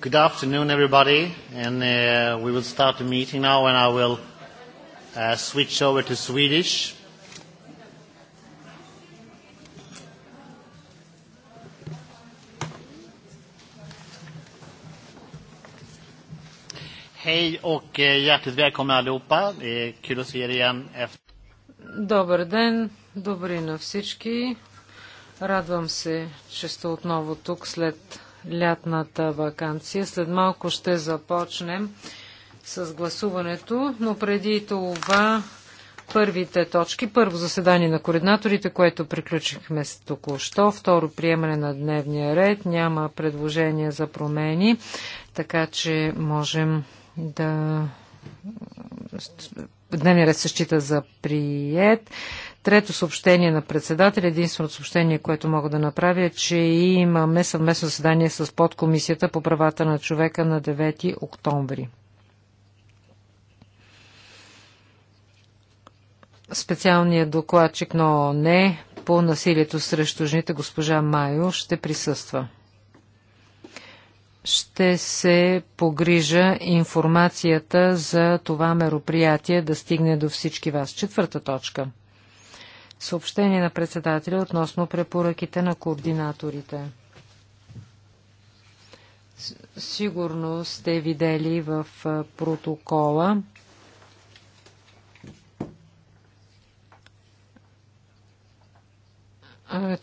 Good afternoon, everybody, and uh, we will start the meeting now, and I will uh, switch over to Swedish. Eh, hjärtligt välkomna allihopa. Det är kul att se er igen efter... Добър ден, добри на всички. Радвам се, че сте отново тук след лятната вакансия. След малко ще започнем с гласуването, но преди това първите точки. Първо заседание на координаторите, което приключихме с току-що. Второ приемане на дневния ред. Няма предложения за промени, така че можем да дневният ред се счита за прият. Трето съобщение на председателя. Единственото съобщение, което мога да направя е, че имаме съвместно заседание с подкомисията по правата на човека на 9 октомври. Специалният докладчик на не по насилието срещу жените госпожа Майо ще присъства ще се погрижа информацията за това мероприятие да стигне до всички вас. Четвърта точка. Съобщение на председателя относно препоръките на координаторите. Сигурно сте видели в протокола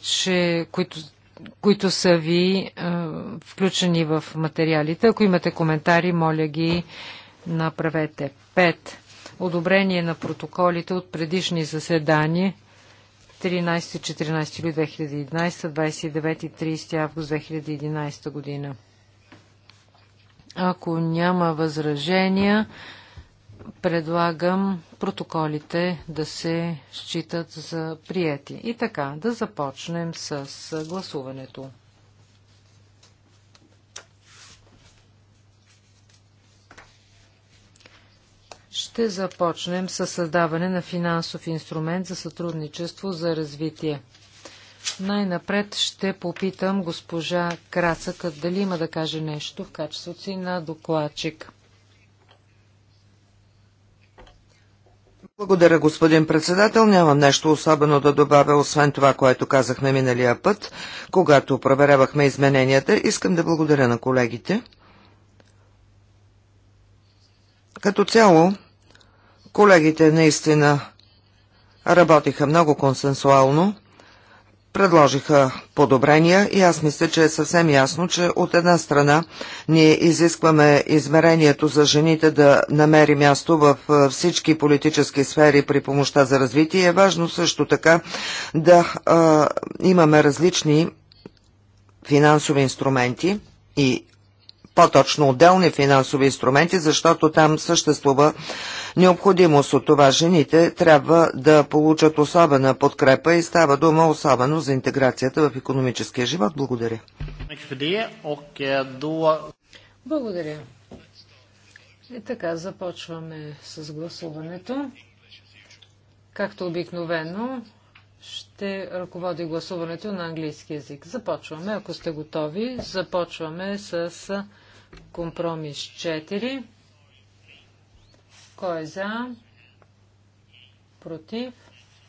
че, които, които са ви включени в материалите. Ако имате коментари, моля ги направете. 5. Одобрение на протоколите от предишни заседания 13-14 или 2011, 29 и 30 август 2011 година. Ако няма възражения, предлагам протоколите да се считат за прияти. И така, да започнем с гласуването. Ще започнем с създаване на финансов инструмент за сътрудничество за развитие. Най-напред ще попитам госпожа Крацъкът дали има да каже нещо в качеството си на докладчик. Благодаря, господин председател. Нямам нещо особено да добавя, освен това, което казахме миналия път, когато проверявахме измененията. Искам да благодаря на колегите. Като цяло, колегите наистина работиха много консенсуално предложиха подобрения и аз мисля, че е съвсем ясно, че от една страна ние изискваме измерението за жените да намери място в е, всички политически сфери при помощта за развитие. Е важно също така да а, е, имаме различни финансови инструменти и по-точно отделни финансови инструменти, защото там съществува необходимост от това. Жените трябва да получат особена подкрепа и става дума особено за интеграцията в економическия живот. Благодаря. Благодаря. И така, започваме с гласуването. Както обикновено, ще ръководи гласуването на английски язик. Започваме, ако сте готови, започваме с Компромис 4. Кой е за? Против?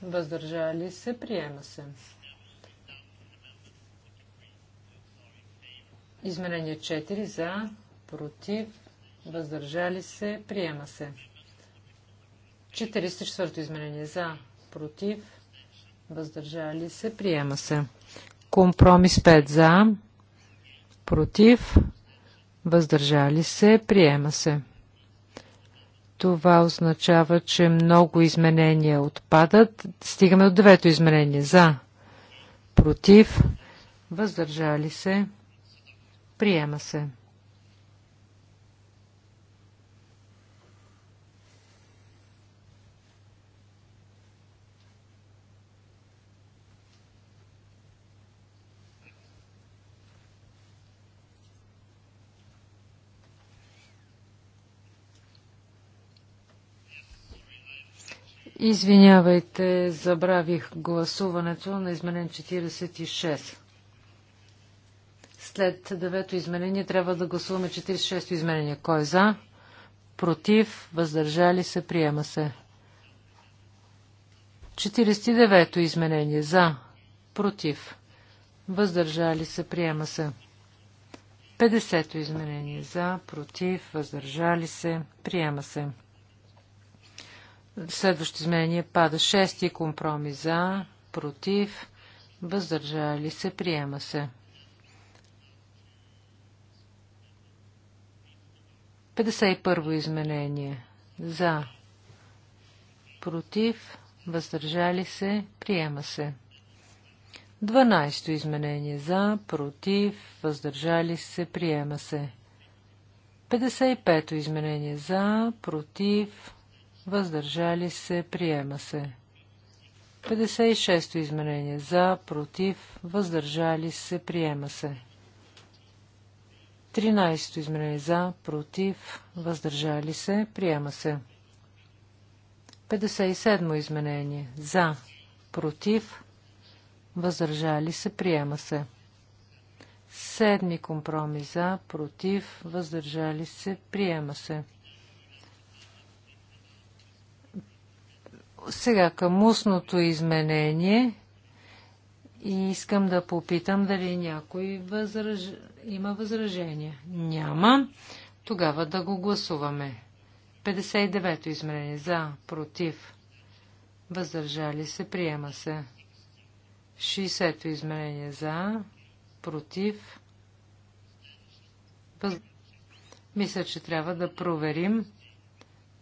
Въздържали се? Приема се. Изменение 4 за, против, въздържали се, приема се. 44 изменение за, против, въздържали се, приема се. Компромис 5 за, против, въздържали се, приема се. Това означава, че много изменения отпадат. Стигаме до девето изменение. За, против, въздържали се, приема се. Извинявайте, забравих гласуването на изменен 46. След девето изменение трябва да гласуваме 46-то изменение. Кой е за? Против? Въздържали се? Приема се. 49-то изменение. За? Против? Въздържали се? Приема се. 50-то изменение. За? Против? Въздържали се? Приема се. Следващото изменение пада. Шести компромис за, против, въздържали се, приема се. 51 изменение. За. Против. Въздържали се. Приема се. 12 изменение. За. Против. Въздържали се. Приема се. 55 то изменение. За. Против въздържали се, приема се. 56-то изменение. За, против, въздържали се, приема се. 13-то изменение. За, против, въздържали се, приема се. 57-мо изменение. За, против, въздържали се, приема се. Седми компромис за, против, въздържали се, приема се. Сега към устното изменение и искам да попитам дали някой възраж... има възражение. Няма. Тогава да го гласуваме. 59-то изменение. За, против. Въздържали се, приема се. 60-то изменение. За, против. Въз... Мисля, че трябва да проверим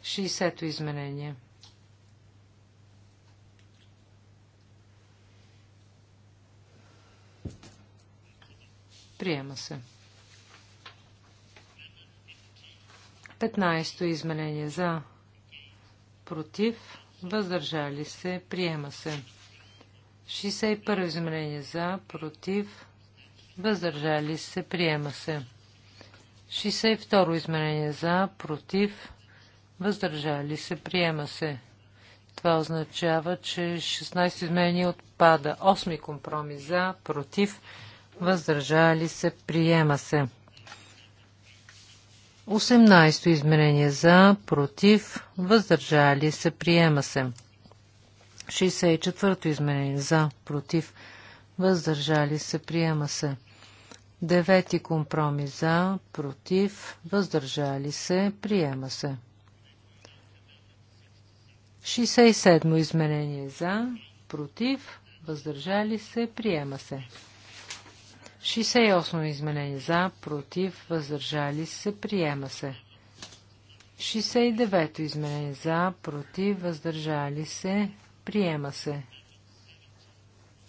60-то изменение. Приема се. 15-то изменение за. Против. Въздържали се. Приема се. 61 изменение за. Против. Въздържали се. Приема се. 62 изменение за. Против. Въздържали се. Приема се. Това означава, че 16 изменение отпада. 8 компромис за. Против. Против въздържали се, приема се. 18 то изменение за, против, въздържали се, приема се. 64 то изменение за, против, въздържали се, приема се. Девети компромис за, против, въздържали се, приема се. 67 изменение за, против, въздържали се, приема се. 68 изменение за, против, въздържали се, приема се. 69 изменение за, против, въздържали се, приема се.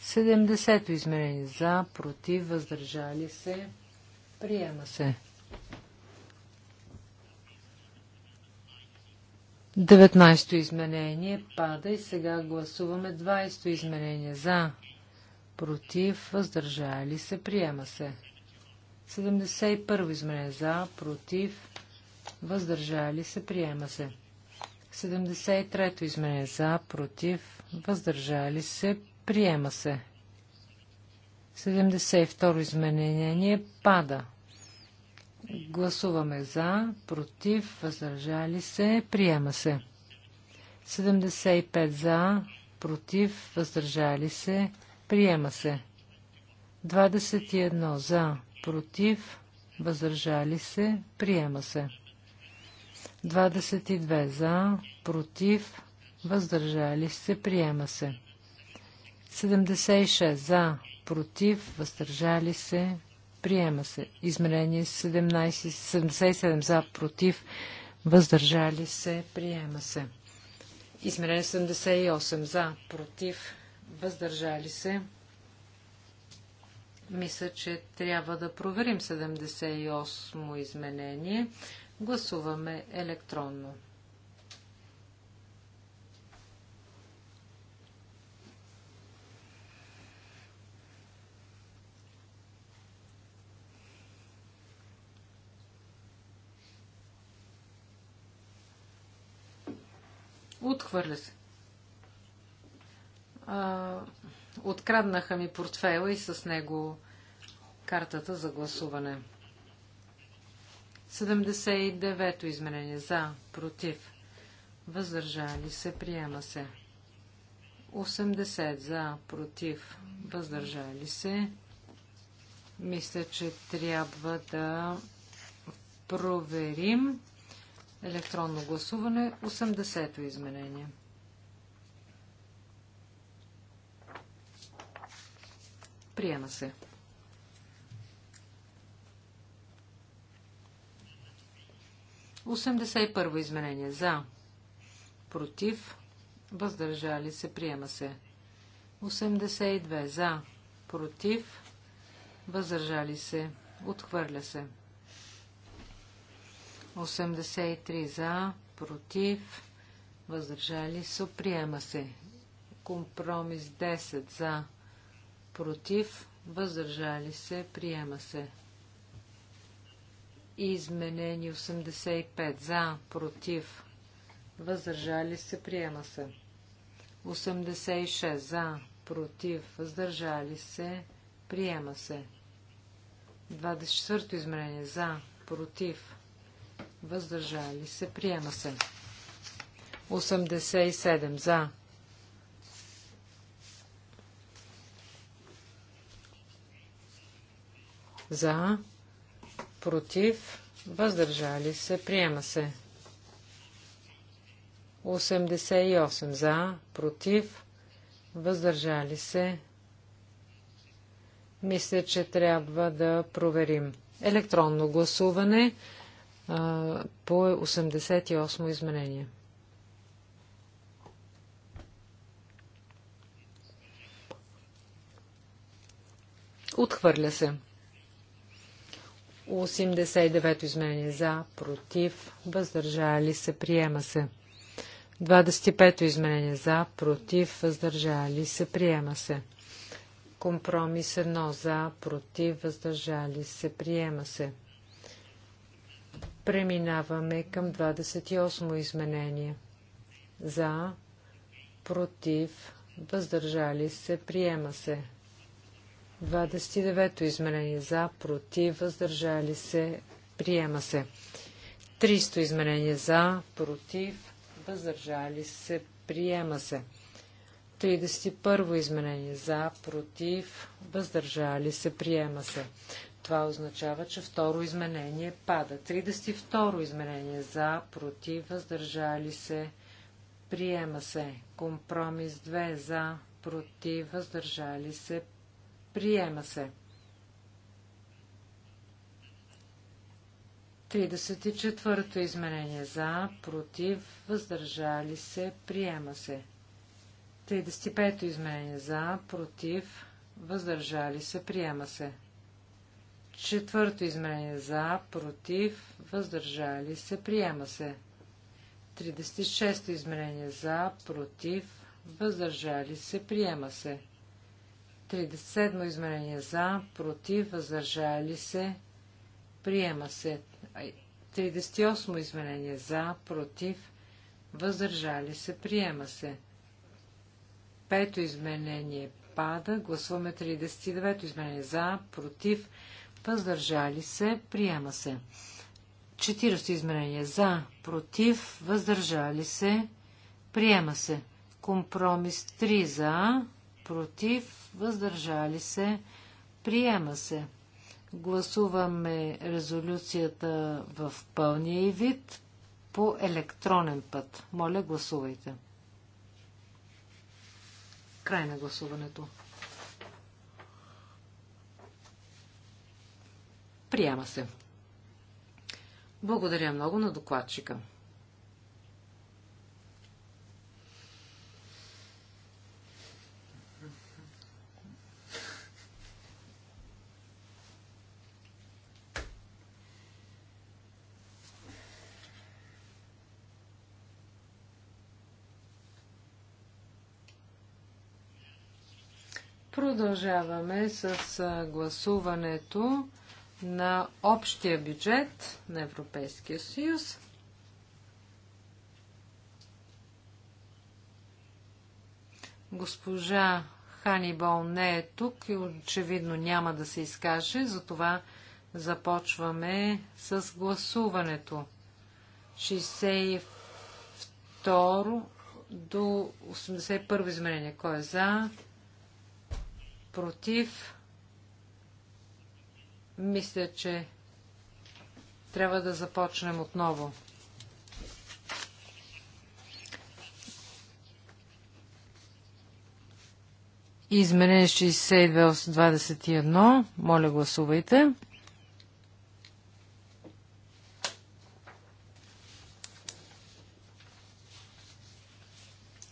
70 изменение за, против, въздържали се, приема се. 19 изменение пада и сега гласуваме 20 изменение за, против, въздържали се, приема се. 71 изменение за, против, въздържали се, приема се. 73 изменение за, против, въздържали се, приема се. 72 изменение пада. Гласуваме за, против, въздържали се, приема се. 75 за, против, въздържали се, Приема се. 21 за, против, въздържали се, приема се. 22 за, против, въздържали се, приема се. 76 за, против, въздържали се, приема се. Измерение 17, 77 за, против, въздържали се, приема се. Измерение 78 за, против, въздържали се. Мисля, че трябва да проверим 78 мо изменение. Гласуваме електронно. Отхвърля се. А, откраднаха ми портфела и с него картата за гласуване. 79-то изменение. За, против, въздържали се, приема се. 80 за, против, въздържали се. Мисля, че трябва да проверим електронно гласуване 80-то изменение. Приема се. Осемдесет и първо изменение. За. Против. Въздържали се. Приема се. 82. За. Против. Въздържали се. Отхвърля се. 83. За. Против. Въздържали се. Приема се. Компромис 10. За против, въздържали се, приема се. Изменени 85 за, против, въздържали се, приема се. 86 за, против, въздържали се, приема се. 24 измерение за, против, въздържали се, приема се. 87 за, За. Против. Въздържали се. Приема се. 88 за, против, въздържали се. Мисля, че трябва да проверим. Електронно гласуване а, по 88 изменение. Отхвърля се. 89 изменение за, против, въздържали се, приема се. 25-то изменение за, против, въздържали се, приема се. Компромис 1 за, против, въздържали се, приема се. Преминаваме към 28 изменение. За, против, въздържали се, приема се. 29-то за, против, въздържали се, приема се. 300 измерение за, против, въздържали се, приема се. 31 измерение за, против, въздържали се, приема се. Това означава, че второ изменение пада. 32 изменение за, против, въздържали се, приема се. Компромис 2 за, против, въздържали се, Приема се. 34-то изменение за, против, въздържали се, приема се. 35-то изменение за, против, въздържали се, приема се. Четвърто изменение за, против, въздържали се, приема се. 36-то изменение за, против, въздържали се, приема се. 37 измерение за, против, въздържали се, приема се. 38 измерение за, против, въздържали се, приема се. Пето изменение пада, гласуваме 39 изменение за, против, въздържали се, приема се. 40 изменение за, против, въздържали се, приема се. Компромис 3 за, против, въздържали се, приема се. Гласуваме резолюцията в пълния и вид по електронен път. Моля, гласувайте. Край на гласуването. Приема се. Благодаря много на докладчика. Продължаваме с гласуването на общия бюджет на Европейския съюз. Госпожа Ханибол не е тук и очевидно няма да се изкаже, затова започваме с гласуването. 62 до 81 изменение. Кой е за? против, мисля, че трябва да започнем отново. Изменение 6221. Моля, гласувайте.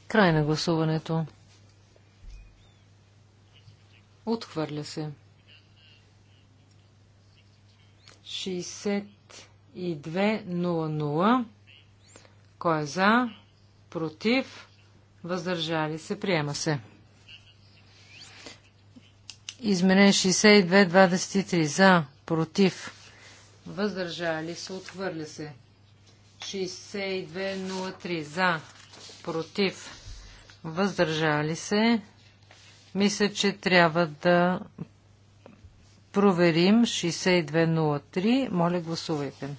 Край на гласуването. Отхвърля се. 62.00. Кой е за? Против? Въздържали се? Приема се. Изменен 62.23. За? Против? Въздържали се? Отхвърля се. 62.03. За? Против? Въздържали се? Мисля, че трябва да проверим 6203. Моля, гласувайте.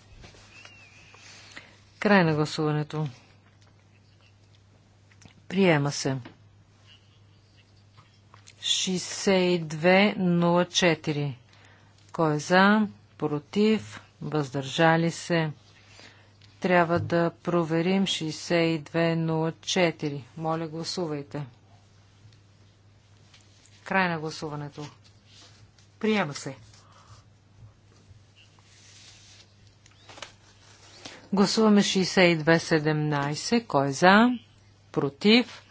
Край на гласуването. Приема се. 6204. Кой е за? Против? Въздържали се? Трябва да проверим 6204. Моля, гласувайте. Край на гласуването. Приема се. Гласуваме 62-17. Кой е за? Против?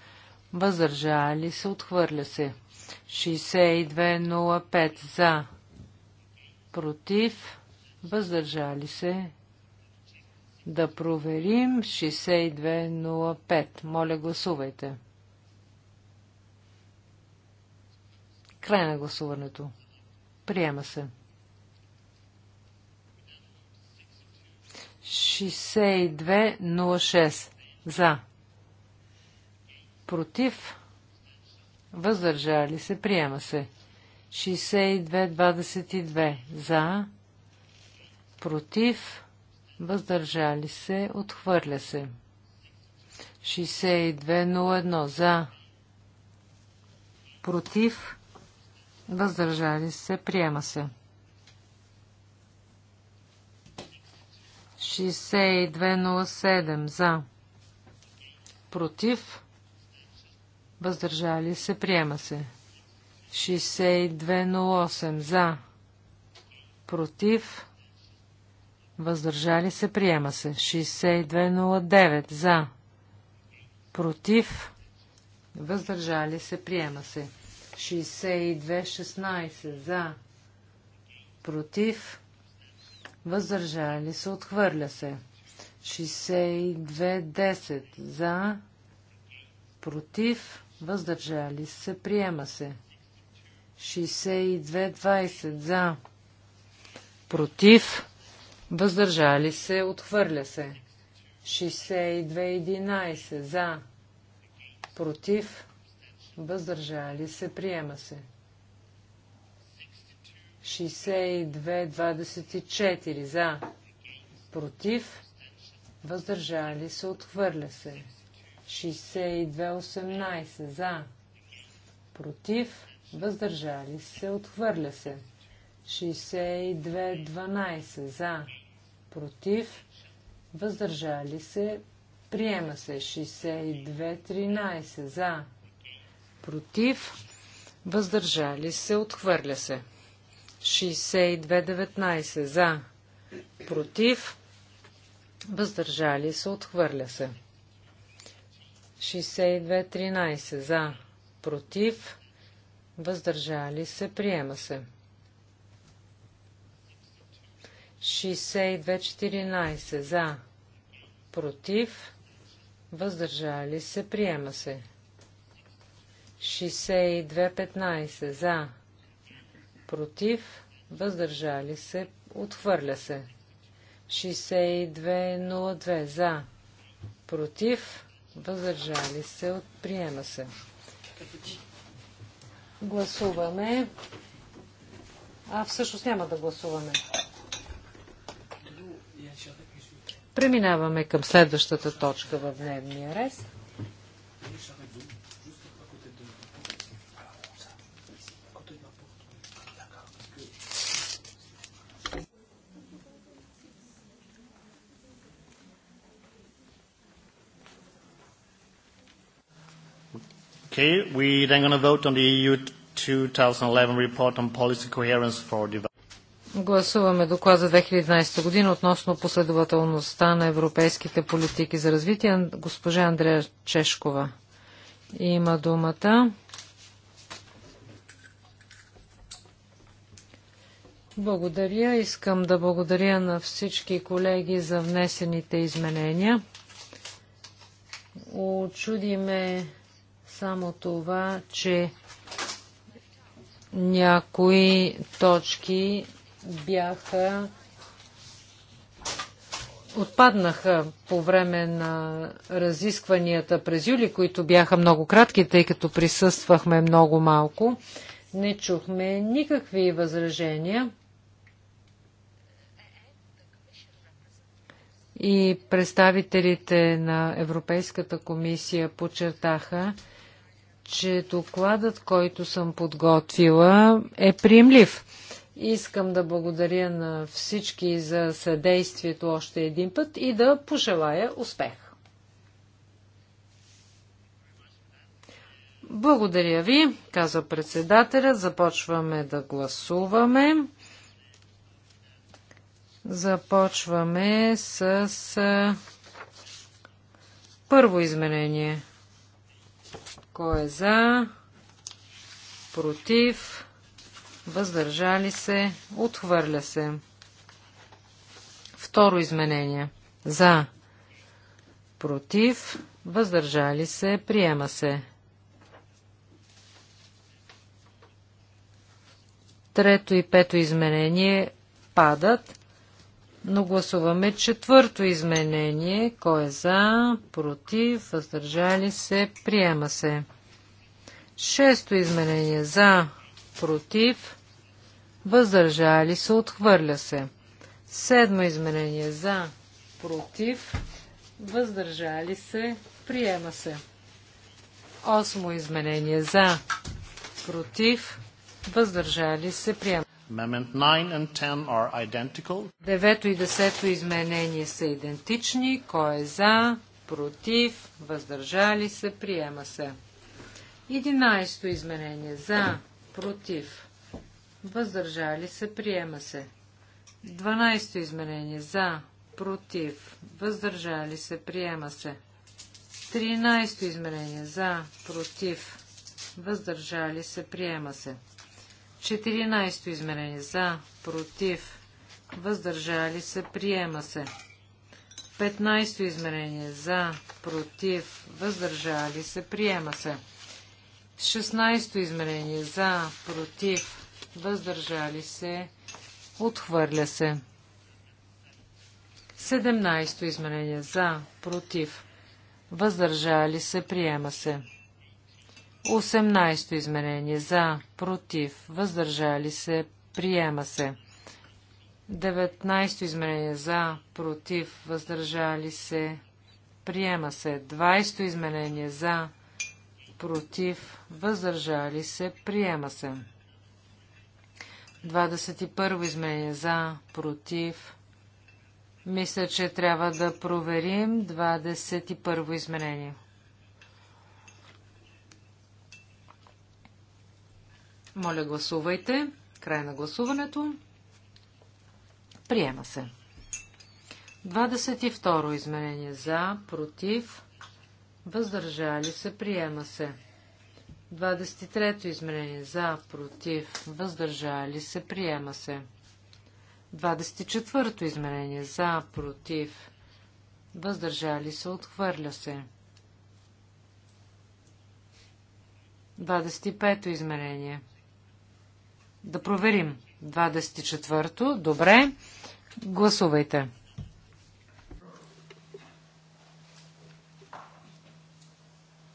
Въздържали се? Отхвърля се. 62-05. За? Против? Въздържали се? Да проверим. 62-05. Моля, гласувайте. Край на гласуването. Приема се. 6206 за. Против. Въздържали се. Приема се. 6222 за. Против. Въздържали се. Отхвърля се. 6201 за. Против Въздържали се. Приема се. 6207 за. Против. Въздържали се. Приема се. 6208 за. Против. Въздържали се. Приема се. 6209 за. Против. Въздържали се. Приема се. 62-16 за, против, въздържали се, отхвърля се. 62-10 за, против, въздържали се, приема се. 62-20 за, против, въздържали се, отхвърля се. 62-11 за, против, въздържали се, приема се. 62-24 за, против, въздържали се, отхвърля се. 62-18 за, против, въздържали се, отхвърля се. 62-12 за, против, въздържали се, приема се. 62-13 за, против, въздържали се, отхвърля се. 62.19 за, против, въздържали се, отхвърля се. 62.13 за, против, въздържали се, приема се. 62.14 за, против, въздържали се, приема се. 62-15 за, против, въздържали се, отхвърля се. 62-02 за, против, въздържали се, приема се. Гласуваме. А, всъщност няма да гласуваме. Преминаваме към следващата точка в дневния рез. Okay, we then gonna vote on the EU 2011 report on policy coherence for development. Гласуваме доклад за 2011 година относно последователността на европейските политики за развитие. Госпожа Андрея Чешкова има думата. Благодаря. Искам да благодаря на всички колеги за внесените изменения. Очудиме само това, че някои точки бяха отпаднаха по време на разискванията през юли, които бяха много кратки, тъй като присъствахме много малко. Не чухме никакви възражения. И представителите на Европейската комисия подчертаха, че докладът, който съм подготвила, е приемлив. Искам да благодаря на всички за съдействието още един път и да пожелая успех. Благодаря ви, казва председателя. Започваме да гласуваме. Започваме с първо изменение. Кой е за? Против? Въздържали се? Отхвърля се. Второ изменение. За. Против? Въздържали се? Приема се. Трето и пето изменение падат. Но гласуваме четвърто изменение. Кой е за? Против? Въздържали се? Приема се. Шесто изменение. За? Против? Въздържали се? Отхвърля се. Седмо изменение. За? Против? Въздържали се? Приема се. Осмо изменение. За? Против? Въздържали се? Приема се. Девето и десето изменение са идентични. Кой е за? Против? Въздържали се? Приема се. Единайсто изменение. За? Против? Въздържали се? Приема се. Дванайсто изменение. За? Против? Въздържали се? Приема се. Тринайсто изменение. За? Против? Въздържали се? Приема се. 14 измерение за, против, въздържали се, приема се. 15 измерение за, против, въздържали се, приема се. 16 измерение за, против, въздържали се, отхвърля се. 17 измерение за, против, въздържали се, приема се. 18 изменение за, против, въздържали се, приема се. 19 изменение за, против, въздържали се, приема се. 20 изменение за, против, въздържали се, приема се. 21 изменение за, против. Мисля, че трябва да проверим 21 изменение. Моля, гласувайте. Край на гласуването. Приема се. 22 изменение за, против, въздържали се, приема се. 23 изменение за, против, въздържали се, приема се. 24 то изменение за, против, въздържали се, отхвърля се. 25 то изменение – да проверим. 24-то. Добре. Гласувайте.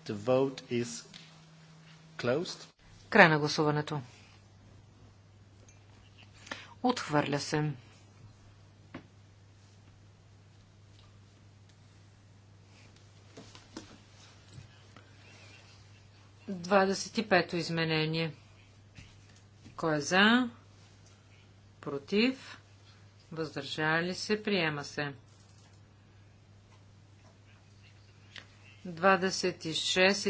The vote is closed. Край на гласуването. Отхвърля се. Двадесет и пето изменение. Кой е за? Против? Въздържали се? Приема се. 26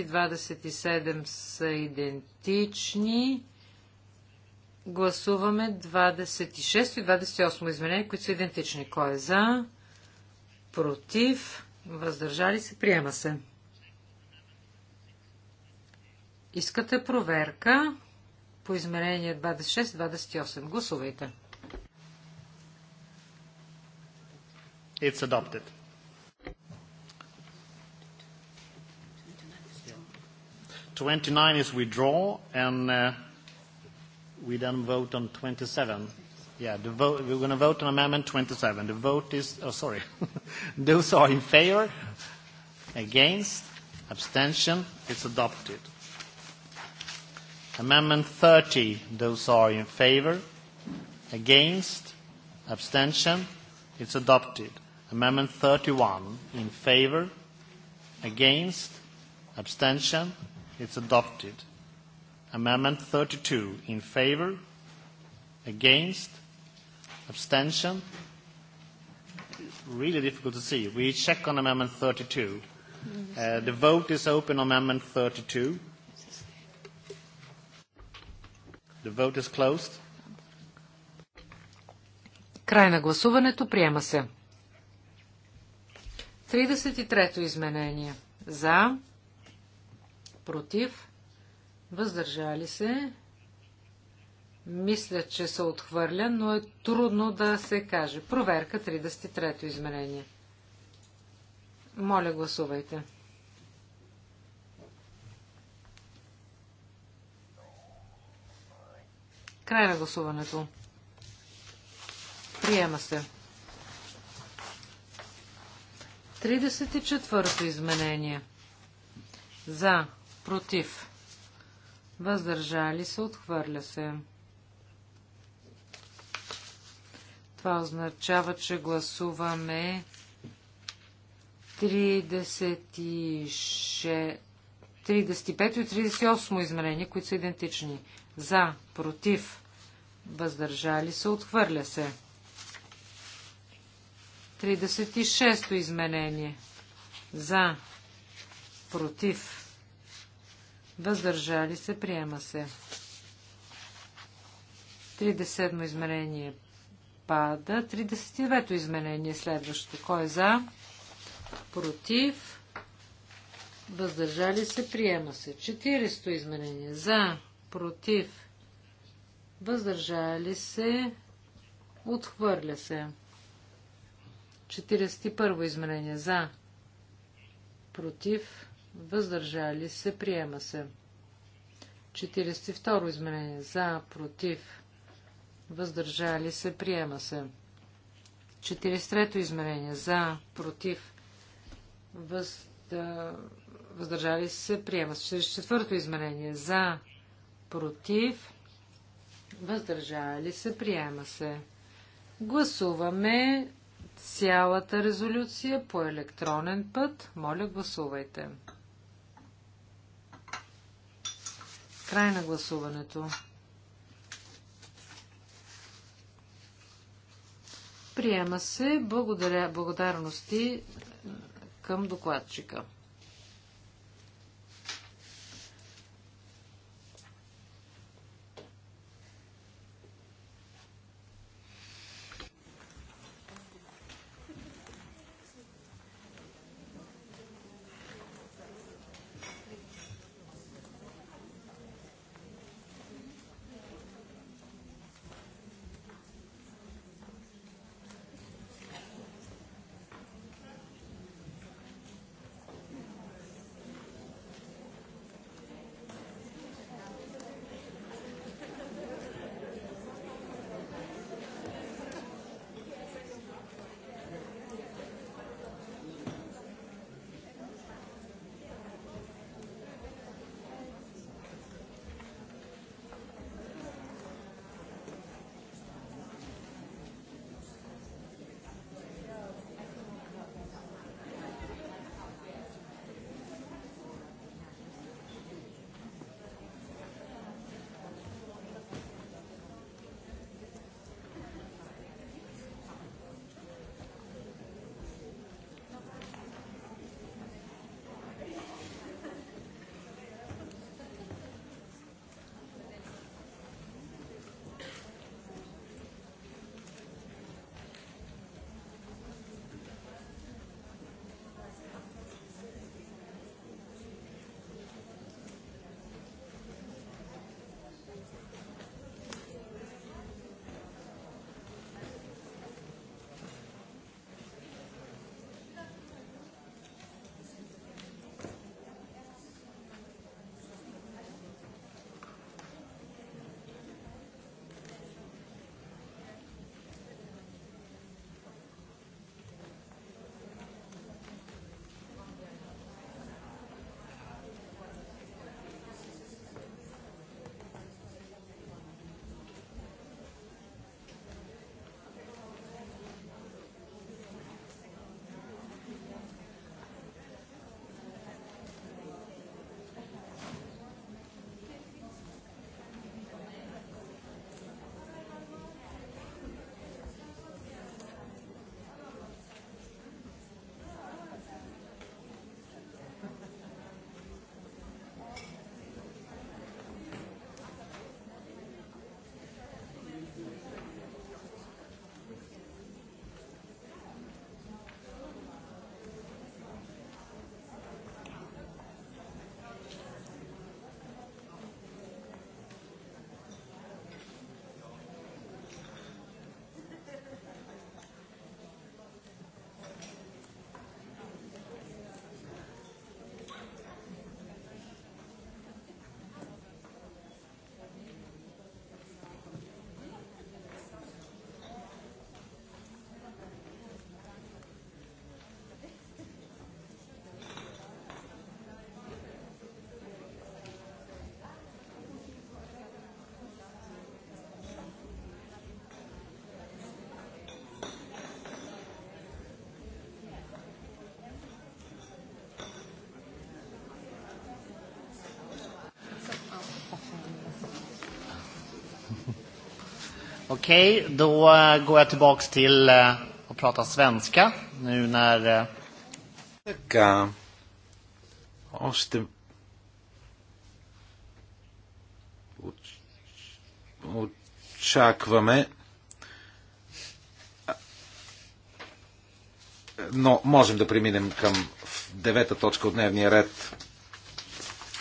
и 27 са идентични. Гласуваме 26 и 28 изменения, които са идентични. Кой е за? Против? Въздържали се? Приема се. Искате проверка? по измерение 26-28. Гласувайте. It's adopted. Twenty nine is withdraw, and uh, we then vote on twenty seven. Yeah, the vote, we're going to vote on Amendment 27. The vote is, oh, sorry. Those are in favor, against, abstention, it's adopted. Amendment 30, those are in favor, against, abstention, it's adopted. Amendment 31, in favor, against, abstention, it's adopted. Amendment 32, in favor, against, abstention, really difficult to see. We check on Amendment 32. Uh, the vote is open on Amendment 32. The vote is closed. Край на гласуването. Приема се. 33-то изменение. За. Против. Въздържали се. Мисля, че се отхвърля, но е трудно да се каже. Проверка 33-то изменение. Моля, гласувайте. Край на гласуването. Приема се. 34-то изменение. За, против, въздържали се, отхвърля се. Това означава, че гласуваме 35 и 38 изменения, които са идентични. За, против, въздържали се, отхвърля се. 36-то изменение. За, против, въздържали се, приема се. 37-то изменение пада. 39-то изменение е следващото. Кой е за? Против. Въздържали се, приема се. 40-то изменение. За против, въздържали се, отхвърля се. 41 изменение за, против, въздържали се, приема се. 42 изменение за, против, въздържали се, приема се. 43 измерение за, против, въздържали се, приема се. 44 измерение за, против, въздържали се, приема се. Гласуваме цялата резолюция по електронен път. Моля, гласувайте. Край на гласуването. Приема се благодаря, благодарности към докладчика. Okej, okay, då eh, går jag tillbaka till att eh, prata svenska nu när... Така, още очакваме но можем да преминем към девета точка от дневния ред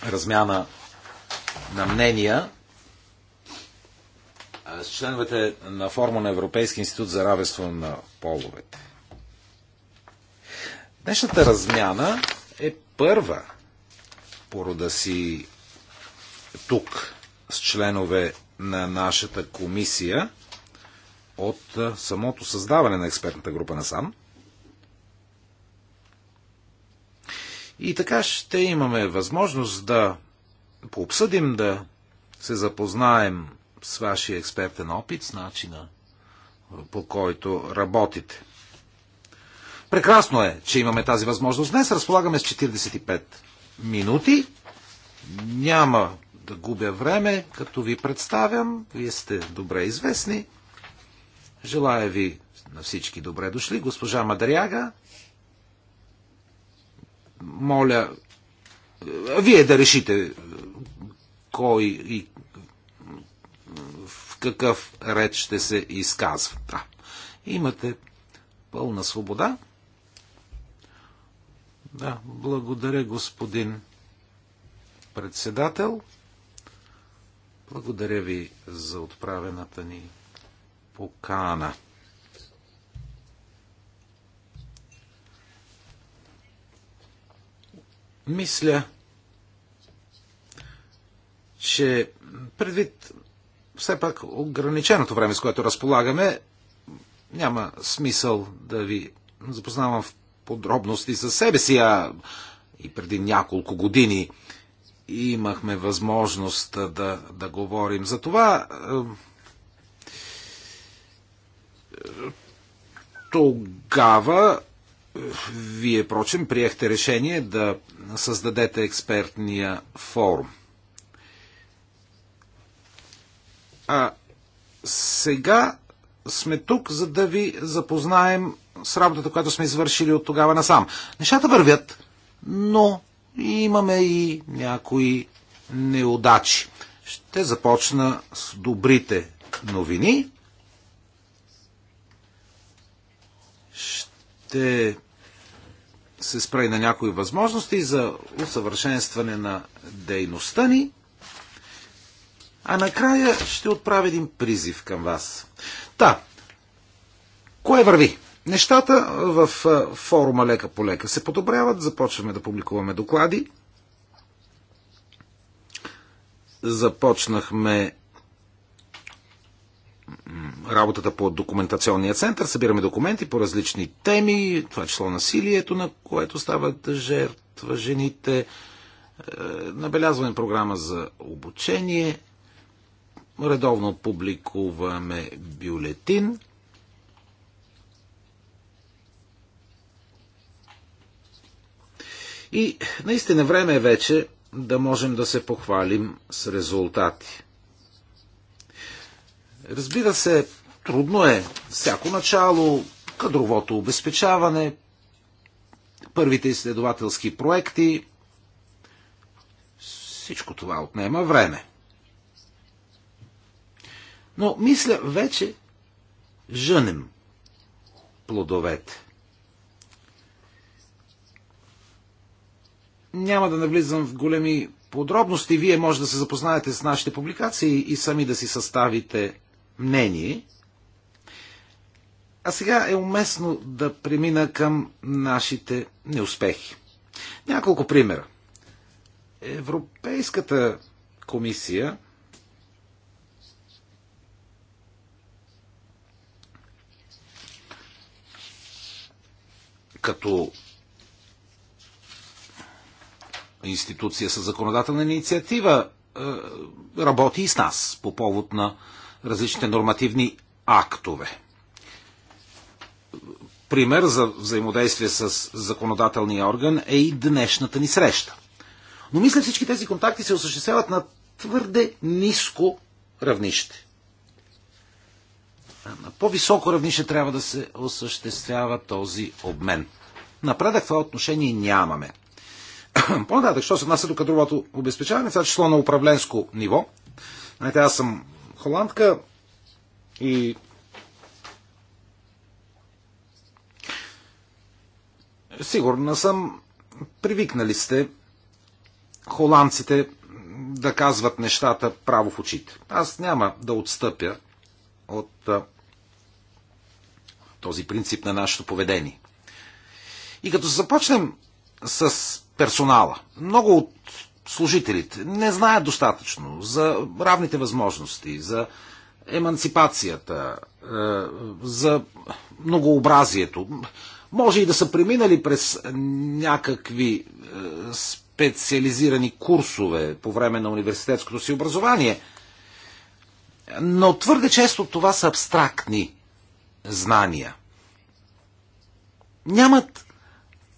размяна на мнения с членовете на форма на Европейски институт за равенство на половете. Днешната размяна е първа по рода си тук с членове на нашата комисия от самото създаване на експертната група на САМ. И така ще имаме възможност да пообсъдим, да се запознаем с вашия експертен опит, с начина по който работите. Прекрасно е, че имаме тази възможност. Днес разполагаме с 45 минути. Няма да губя време, като ви представям. Вие сте добре известни. Желая ви на всички добре дошли. Госпожа Мадряга, моля, вие да решите кой и какъв ред ще се изказва. Да. Имате пълна свобода. Да, благодаря, господин председател. Благодаря ви за отправената ни покана. Мисля, че предвид все пак ограниченото време, с което разполагаме, няма смисъл да ви запознавам в подробности за себе си, а и преди няколко години имахме възможност да, да говорим за това. Тогава вие, прочим, приехте решение да създадете експертния форум. А сега сме тук, за да ви запознаем с работата, която сме извършили от тогава насам. Нещата вървят, но имаме и някои неудачи. Ще започна с добрите новини. Ще се спра и на някои възможности за усъвършенстване на дейността ни – а накрая ще отправя един призив към вас. Та, кое върви? Нещата в е, форума лека по лека се подобряват. Започваме да публикуваме доклади. Започнахме работата по документационния център. Събираме документи по различни теми, това е число насилието, на което стават жертва жените. Е, набелязваме програма за обучение – Редовно публикуваме бюлетин. И наистина време е вече да можем да се похвалим с резултати. Разбира се, трудно е всяко начало, кадровото обезпечаване, първите изследователски проекти. Всичко това отнема време. Но мисля, вече жънем плодовете. Няма да навлизам в големи подробности. Вие може да се запознаете с нашите публикации и сами да си съставите мнение. А сега е уместно да премина към нашите неуспехи. Няколко примера. Европейската комисия като институция със законодателна инициатива е, работи и с нас по повод на различните нормативни актове. Пример за взаимодействие с законодателния орган е и днешната ни среща. Но мисля всички тези контакти се осъществяват на твърде ниско равнище. На по-високо равнище трябва да се осъществява този обмен. Напредък в това отношение нямаме. По-нататък, що се отнася до кадровото обезпечаване, това число на управленско ниво. Знаете, аз съм холандка и сигурна съм, привикнали сте холандците да казват нещата право в очите. Аз няма да отстъпя от този принцип на нашето поведение. И като започнем с персонала, много от служителите не знаят достатъчно за равните възможности, за емансипацията, е, за многообразието. Може и да са преминали през някакви е, специализирани курсове по време на университетското си образование, но твърде често това са абстрактни знания. Нямат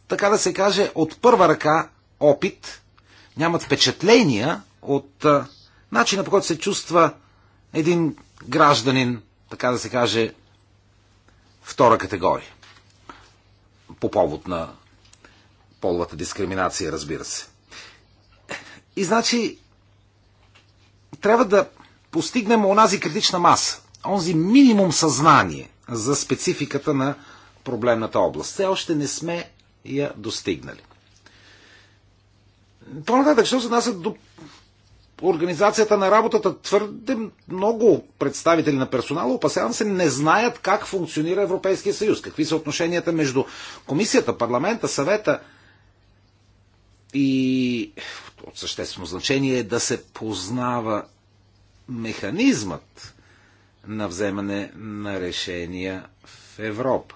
така да се каже, от първа ръка опит, нямат впечатления от а, начина по който се чувства един гражданин, така да се каже, втора категория. По повод на половата дискриминация, разбира се. И значи, трябва да постигнем онази критична маса, онзи минимум съзнание за спецификата на проблемната област. Все още не сме я достигнали. По-нататък, що се нася до организацията на работата, твърде много представители на персонала, опасявам се, не знаят как функционира Европейския съюз, какви са отношенията между комисията, парламента, съвета и от съществено значение е да се познава механизмът на вземане на решения в Европа.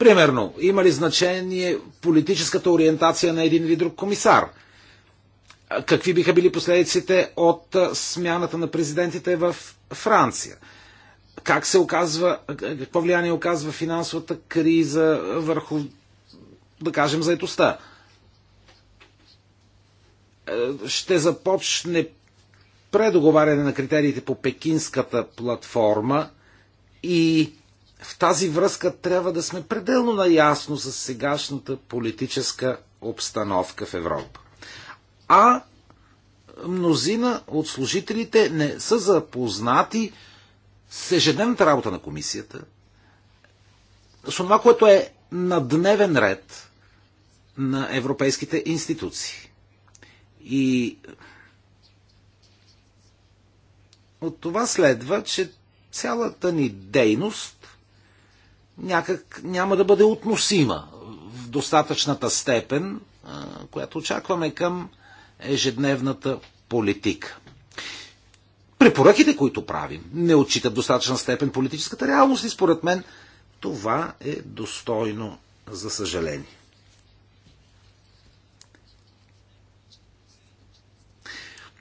Примерно, има ли значение политическата ориентация на един или друг комисар? Какви биха били последиците от смяната на президентите в Франция? Как се оказва, какво влияние оказва финансовата криза върху, да кажем, заетостта? Е, ще започне предоговаряне на критериите по пекинската платформа и в тази връзка трябва да сме пределно наясно с сегашната политическа обстановка в Европа. А мнозина от служителите не са запознати с ежедневната работа на комисията, с това, което е на дневен ред на европейските институции. И от това следва, че цялата ни дейност някак няма да бъде относима в достатъчната степен, която очакваме към ежедневната политика. Препоръките, които правим, не отчитат достатъчна степен политическата реалност и според мен това е достойно за съжаление.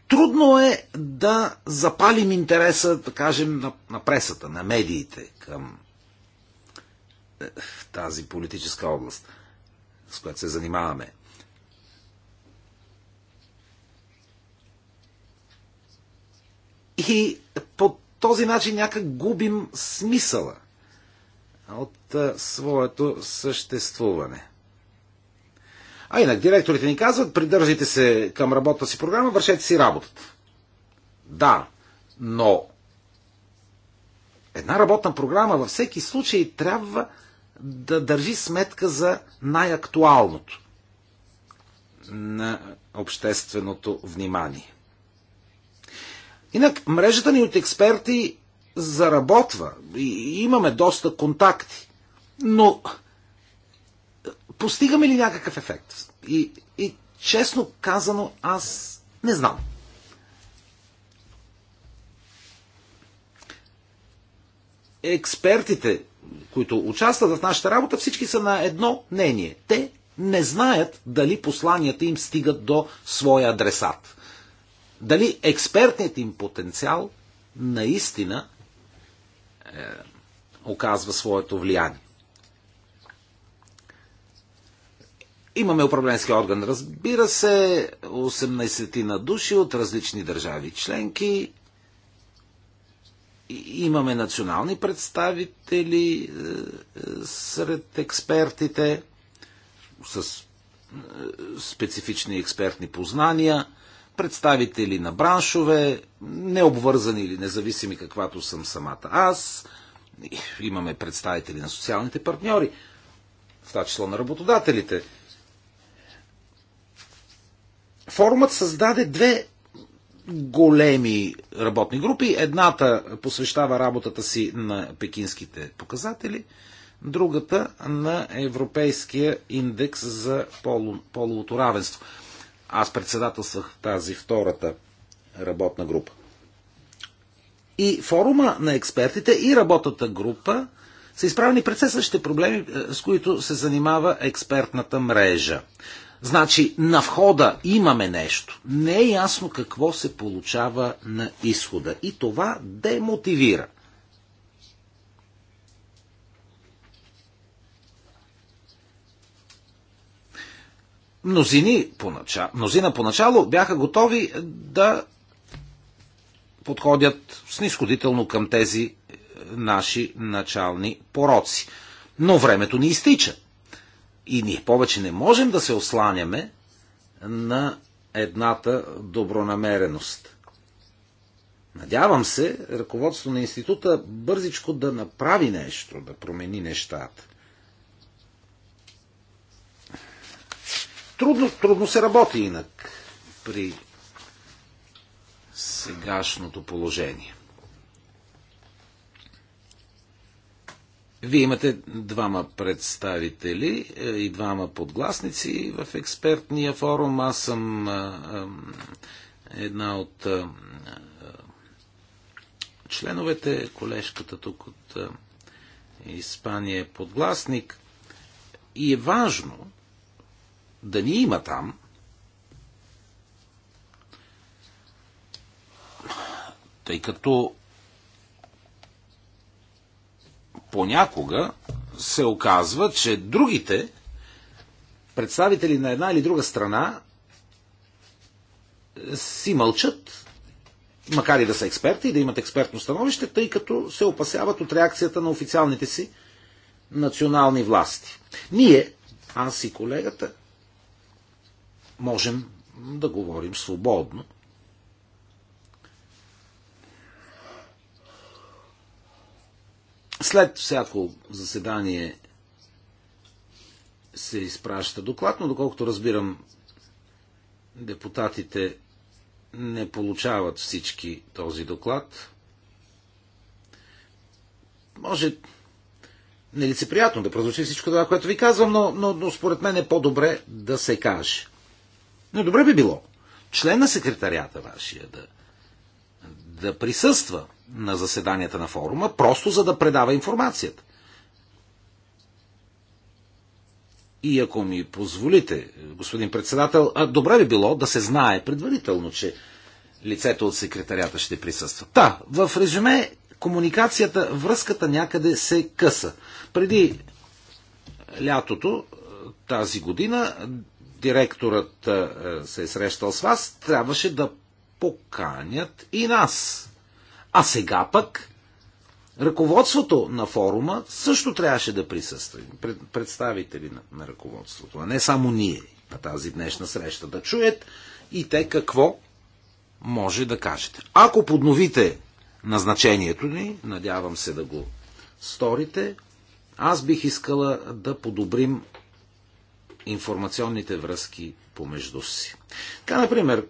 Трудно е да запалим интереса, да кажем, на, на пресата, на медиите към е, в тази политическа област, с която се занимаваме. И по този начин някак губим смисъла от е, своето съществуване. А инак, директорите ни казват, придържайте се към работа си програма, вършете си работата. Да, но една работна програма във всеки случай трябва да държи сметка за най-актуалното на общественото внимание. Инак, мрежата ни от експерти заработва и имаме доста контакти, но постигаме ли някакъв ефект? И, и честно казано, аз не знам. Експертите които участват в нашата работа, всички са на едно мнение. Те не знаят дали посланията им стигат до своя адресат. Дали експертният им потенциал наистина е, оказва своето влияние. Имаме управленски орган, разбира се, 18 на души от различни държави членки, имаме национални представители е, е, сред експертите с е, специфични експертни познания, представители на браншове, необвързани или независими каквато съм самата аз, имаме представители на социалните партньори, в това число на работодателите. Форумът създаде две големи работни групи. Едната посвещава работата си на пекинските показатели, другата на Европейския индекс за полу, половото равенство. Аз председателствах тази втората работна група. И форума на експертите и работната група са изправени пред същите проблеми, е, с които се занимава експертната мрежа. Значи на входа имаме нещо. Не е ясно какво се получава на изхода. И това демотивира. Мнозини поначало, мнозина поначало бяха готови да подходят снисходително към тези е, наши начални пороци. Но времето ни изтича. И ние повече не можем да се осланяме на едната добронамереност. Надявам се, ръководство на института бързичко да направи нещо, да промени нещата. Трудно, трудно се работи инак при сегашното положение. Вие имате двама представители е, и двама подгласници в експертния форум. Аз съм е, е, една от членовете, колежката тук от Испания е подгласник. И е важно да ни има там, тъй като понякога се оказва, че другите представители на една или друга страна си мълчат, макар и да са експерти и да имат експертно становище, тъй като се опасяват от реакцията на официалните си национални власти. Ние, аз и колегата, можем да говорим свободно След всяко заседание се изпраща доклад, но доколкото разбирам, депутатите не получават всички този доклад. Може нелицеприятно да прозвучи всичко това, което ви казвам, но, но, но според мен е по-добре да се каже. Но добре би било член на секретарията вашия да, да присъства на заседанията на форума, просто за да предава информацията. И ако ми позволите, господин председател, а добре би било да се знае предварително, че лицето от секретарията ще присъства. Та, в резюме, комуникацията, връзката някъде се къса. Преди лятото тази година директорът се е срещал с вас, трябваше да поканят и нас. А сега пък ръководството на форума също трябваше да присъства. Представители на, на ръководството, а не само ние на тази днешна среща, да чуят и те какво може да кажете. Ако подновите назначението ни, надявам се да го сторите, аз бих искала да подобрим информационните връзки помежду си. Така, например,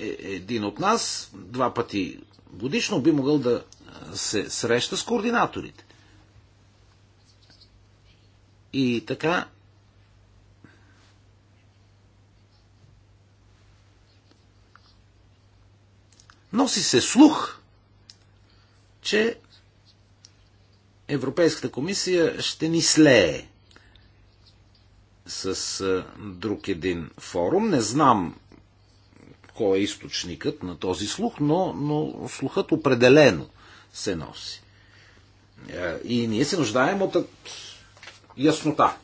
е един от нас два пъти годишно би могъл да се среща с координаторите. И така носи се слух, че Европейската комисия ще ни слее с друг един форум. Не знам кой е източникът на този слух, но, но слухът определено се носи. Е, и ние се нуждаем от яснота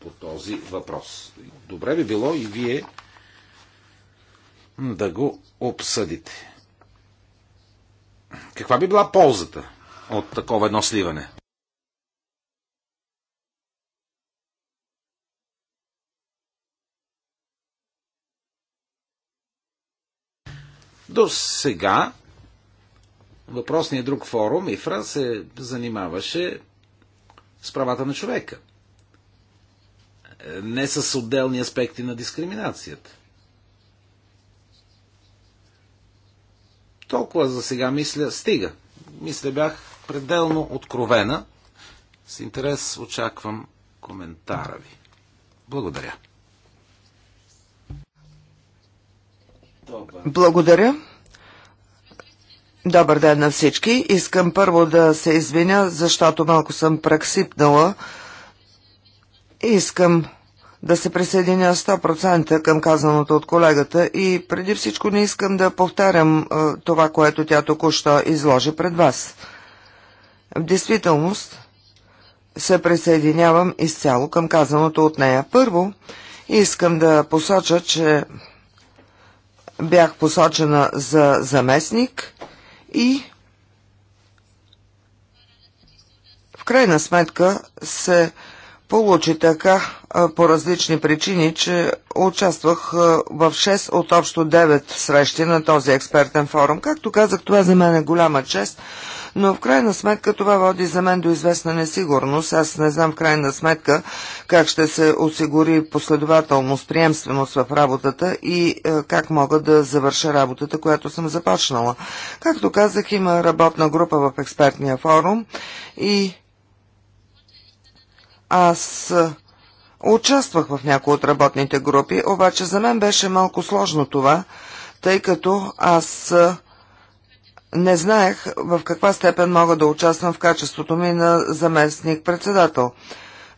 по този въпрос. Добре би било и вие да го обсъдите. Каква би била ползата от такова едно сливане? До сега въпросният друг форум, ИФРА, се занимаваше с правата на човека. Не с отделни аспекти на дискриминацията. Толкова за сега мисля, стига. Мисля, бях пределно откровена. С интерес очаквам коментара ви. Благодаря. Благодаря. Добър ден на всички. Искам първо да се извиня, защото малко съм прексипнала. Искам да се присъединя 100% към казаното от колегата и преди всичко не искам да повтарям това, което тя току-що изложи пред вас. В действителност се присъединявам изцяло към казаното от нея. Първо, искам да посоча, че бях посочена за заместник и в крайна сметка се получи така по различни причини, че участвах в 6 от общо 9 срещи на този експертен форум. Както казах, това за мен е голяма чест но в крайна сметка това води за мен до известна несигурност. Аз не знам в крайна сметка как ще се осигури последователност, приемственост в работата и е, как мога да завърша работата, която съм започнала. Както казах, има работна група в експертния форум и аз е, участвах в някои от работните групи, обаче за мен беше малко сложно това, тъй като аз е, не знаех в каква степен мога да участвам в качеството ми на заместник-председател.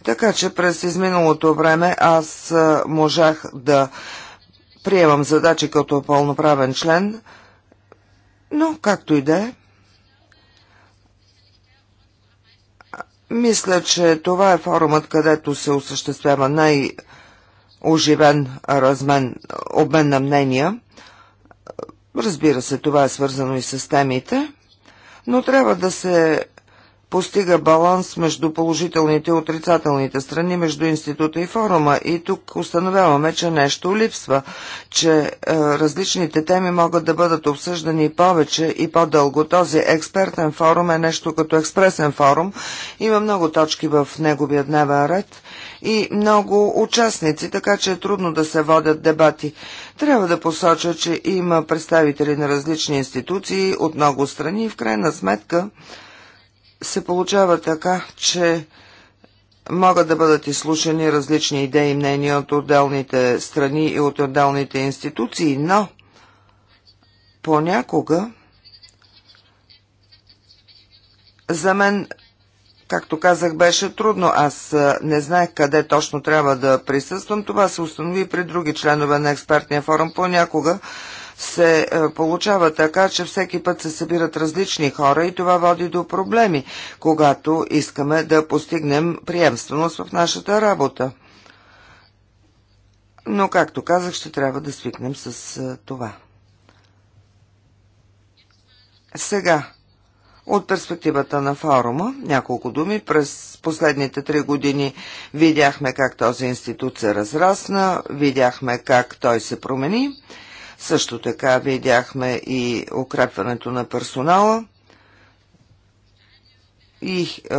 Така че през изминалото време аз можах да приемам задачи като пълноправен член, но както и да е. Мисля, че това е форумът, където се осъществява най-оживен размен, обмен на мнения – Разбира се, това е свързано и с темите, но трябва да се постига баланс между положителните и отрицателните страни, между института и форума. И тук установяваме, че нещо липсва, че е, различните теми могат да бъдат обсъждани повече и по-дълго. Този експертен форум е нещо като експресен форум. Има много точки в неговия дневен ред и много участници, така че е трудно да се водят дебати. Трябва да посоча, че има представители на различни институции от много страни и в крайна сметка се получава така, че могат да бъдат изслушани различни идеи и мнения от отделните страни и от отделните институции, но понякога за мен както казах, беше трудно. Аз не знаех къде точно трябва да присъствам. Това се установи при други членове на експертния форум. Понякога се получава така, че всеки път се събират различни хора и това води до проблеми, когато искаме да постигнем приемственост в нашата работа. Но, както казах, ще трябва да свикнем с това. Сега от перспективата на форума, няколко думи, през последните три години видяхме как този институт се разрасна, видяхме как той се промени, също така видяхме и укрепването на персонала и е,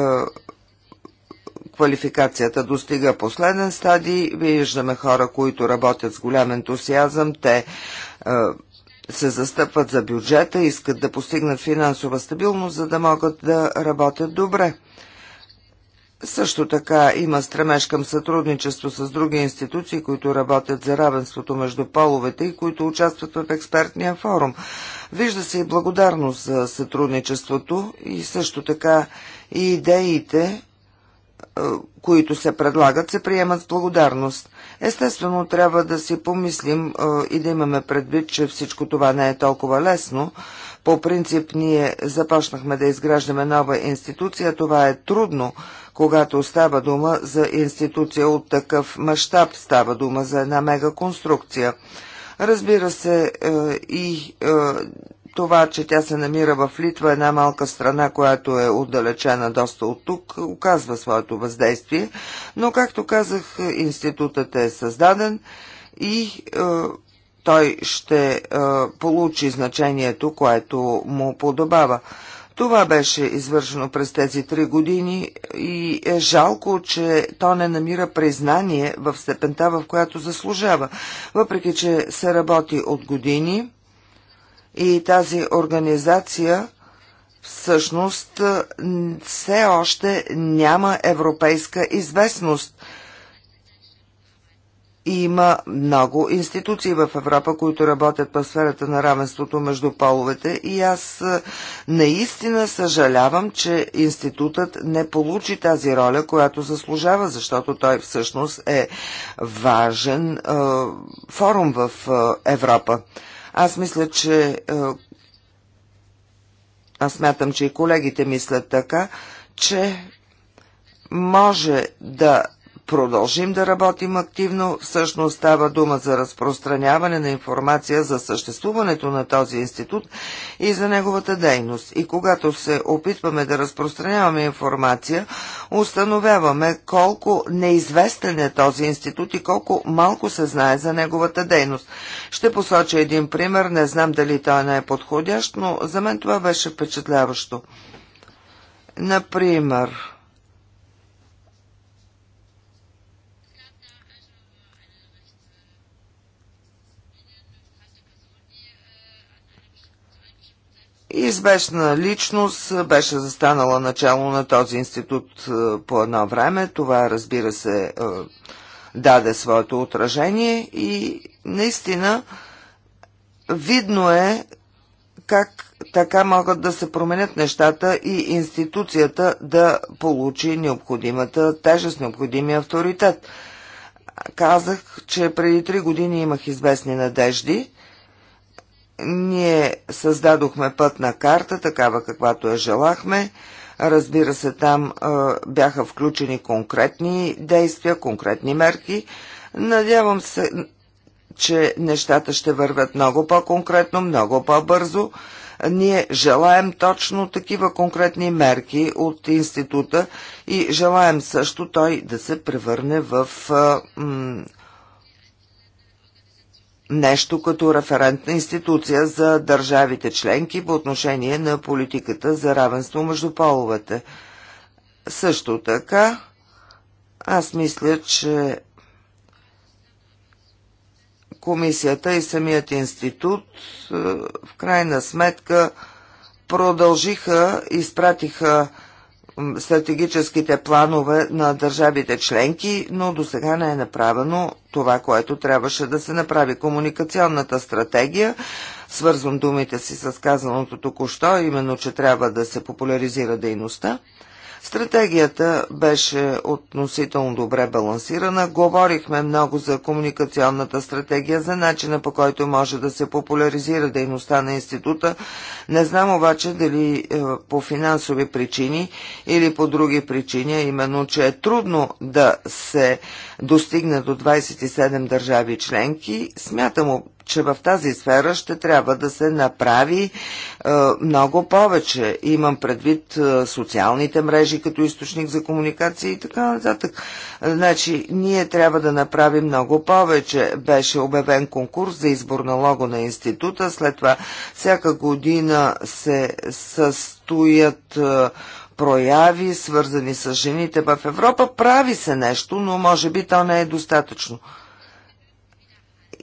квалификацията достига последен стадий. Виждаме хора, които работят с голям ентусиазъм, те е, се застъпват за бюджета, искат да постигнат финансова стабилност, за да могат да работят добре. Също така има стремеж към сътрудничество с други институции, които работят за равенството между половете и които участват в експертния форум. Вижда се и благодарност за сътрудничеството и също така и идеите, е, които се предлагат, се приемат с благодарност. Естествено, трябва да си помислим и да имаме предвид, че всичко това не е толкова лесно. По принцип, ние започнахме да изграждаме нова институция. Това е трудно, когато става дума за институция от такъв мащаб, става дума за една мега конструкция. Разбира се, и това, че тя се намира в Литва, една малка страна, която е отдалечена доста от тук, оказва своето въздействие. Но, както казах, институтът е създаден и е, той ще е, получи значението, което му подобава. Това беше извършено през тези три години и е жалко, че то не намира признание в степента, в която заслужава. Въпреки, че се работи от години, и тази организация всъщност все още няма европейска известност. И има много институции в Европа, които работят по сферата на равенството между половете и аз наистина съжалявам, че институтът не получи тази роля, която заслужава, защото той всъщност е важен е, форум в е, Европа. Аз мисля, че е, аз смятам, че и колегите мислят така, че може да продължим да работим активно. Всъщност става дума за разпространяване на информация за съществуването на този институт и за неговата дейност. И когато се опитваме да разпространяваме информация, установяваме колко неизвестен е този институт и колко малко се знае за неговата дейност. Ще посоча един пример, не знам дали той не е подходящ, но за мен това беше впечатляващо. Например, Известна личност беше застанала начало на този институт е, по едно време. Това, разбира се, е, даде своето отражение и наистина видно е как така могат да се променят нещата и институцията да получи необходимата тежест, необходимия авторитет. Казах, че преди три години имах известни надежди ние създадохме пътна карта, такава каквато я желахме. Разбира се, там а, бяха включени конкретни действия, конкретни мерки. Надявам се, че нещата ще вървят много по-конкретно, много по-бързо. Ние желаем точно такива конкретни мерки от института и желаем също той да се превърне в а, нещо като референтна институция за държавите членки по отношение на политиката за равенство между половете. Също така, аз мисля, че комисията и самият институт е, в крайна сметка продължиха, и изпратиха стратегическите планове на държавите членки, но до сега не е направено това, което трябваше да се направи. Комуникационната стратегия, свързвам думите си с казаното току-що, именно, че трябва да се популяризира дейността. Стратегията беше относително добре балансирана. Говорихме много за комуникационната стратегия, за начина по който може да се популяризира дейността на института. Не знам обаче дали е, по финансови причини или по други причини, именно, че е трудно да се достигне до 27 държави членки. Смятам че в тази сфера ще трябва да се направи е, много повече. Имам предвид е, социалните мрежи като източник за комуникация и така нататък. Значи, ние трябва да направим много повече. Беше обявен конкурс за избор на лого на института, след това всяка година се състоят е, прояви, свързани с жените в Европа. Прави се нещо, но може би то не е достатъчно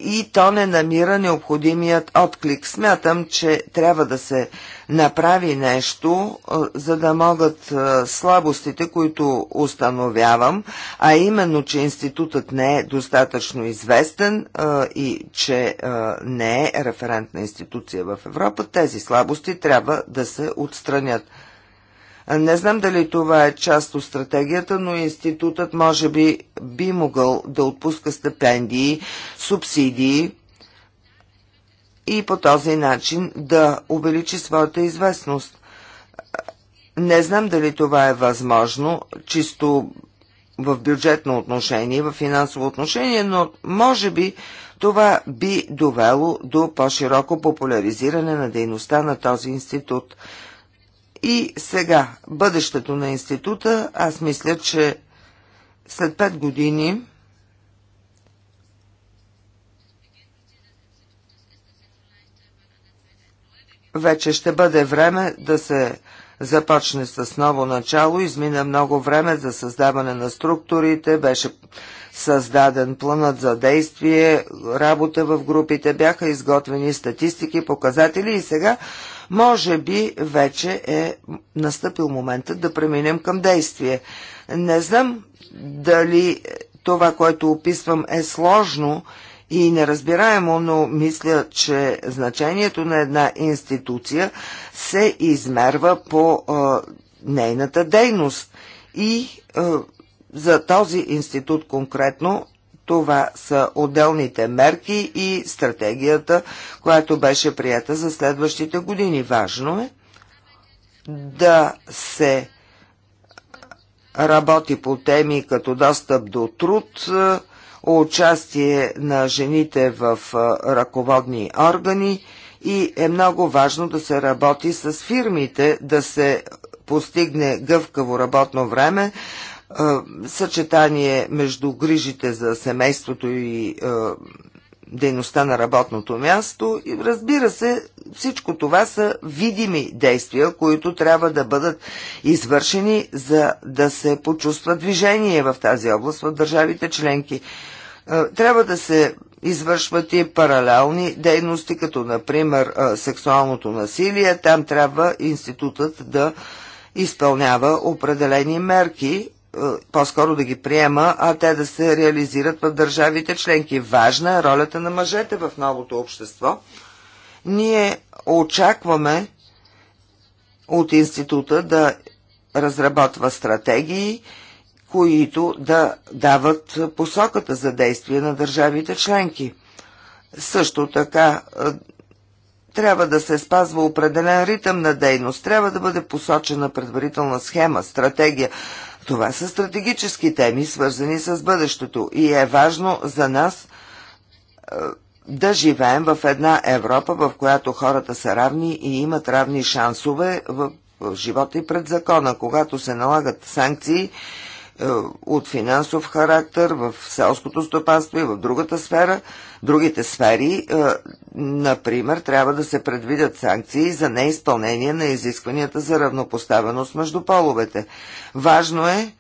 и то не намира необходимият отклик. Смятам, че трябва да се направи нещо, за да могат слабостите, които установявам, а именно, че институтът не е достатъчно известен и че не е референтна институция в Европа, тези слабости трябва да се отстранят. Не знам дали това е част от стратегията, но институтът може би би могъл да отпуска стипендии, субсидии и по този начин да увеличи своята известност. Не знам дали това е възможно, чисто в бюджетно отношение, в финансово отношение, но може би това би довело до по-широко популяризиране на дейността на този институт. И сега, бъдещето на института, аз мисля, че след 5 години вече ще бъде време да се започне с ново начало. Измина много време за създаване на структурите, беше създаден планът за действие, работа в групите, бяха изготвени статистики, показатели и сега може би вече е настъпил моментът да преминем към действие. Не знам дали това, което описвам е сложно и неразбираемо, но мисля, че значението на една институция се измерва по а, нейната дейност. И а, за този институт конкретно това са отделните мерки и стратегията, която беше прията за следващите години. Важно е да се работи по теми като достъп до труд, участие на жените в ръководни органи и е много важно да се работи с фирмите, да се постигне гъвкаво работно време, съчетание между грижите за семейството и дейността на работното място. И разбира се, всичко това са видими действия, които трябва да бъдат извършени, за да се почувства движение в тази област в държавите членки. Трябва да се извършват и паралелни дейности, като например сексуалното насилие. Там трябва институтът да изпълнява определени мерки е, по-скоро да ги приема, а те да се реализират в държавите членки. Важна е ролята на мъжете в новото общество. Ние очакваме от института да разработва стратегии, които да дават посоката за действие на държавите членки. Също така е, трябва да се спазва определен ритъм на дейност, трябва да бъде посочена предварителна схема, стратегия. Това са стратегически теми, свързани с бъдещето и е важно за нас е, да живеем в една Европа, в която хората са равни и имат равни шансове в живота и пред закона. Когато се налагат санкции е, от финансов характер в селското стопанство и в другата сфера – другите сфери, е, например, трябва да се предвидят санкции за неизпълнение на изискванията за равнопоставеност между половете. Важно е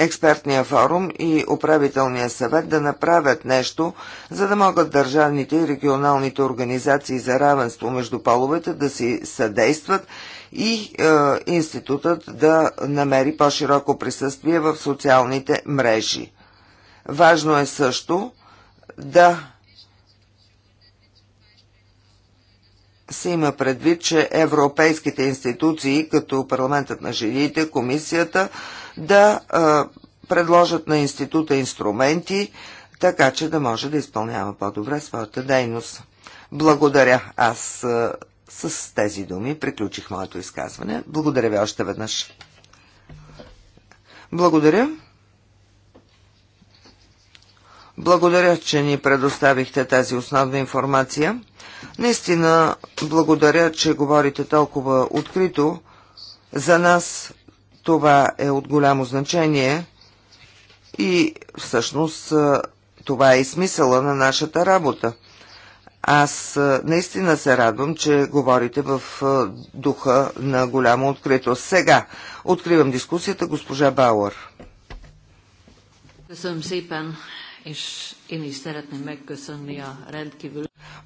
експертния форум и управителния съвет да направят нещо, за да могат държавните и регионалните организации за равенство между половете да си съдействат и е, институтът да намери по-широко присъствие в социалните мрежи. Важно е също да се има предвид, че европейските институции, като парламентът на жените, комисията, да а, предложат на института инструменти, така че да може да изпълнява по-добре своята дейност. Благодаря. Аз а, с тези думи приключих моето изказване. Благодаря ви още веднъж. Благодаря. Благодаря, че ни предоставихте тази основна информация. Наистина, благодаря, че говорите толкова открито. За нас това е от голямо значение и всъщност това е и смисъла на нашата работа. Аз наистина се радвам, че говорите в духа на голямо открито. Сега откривам дискусията госпожа Бауър.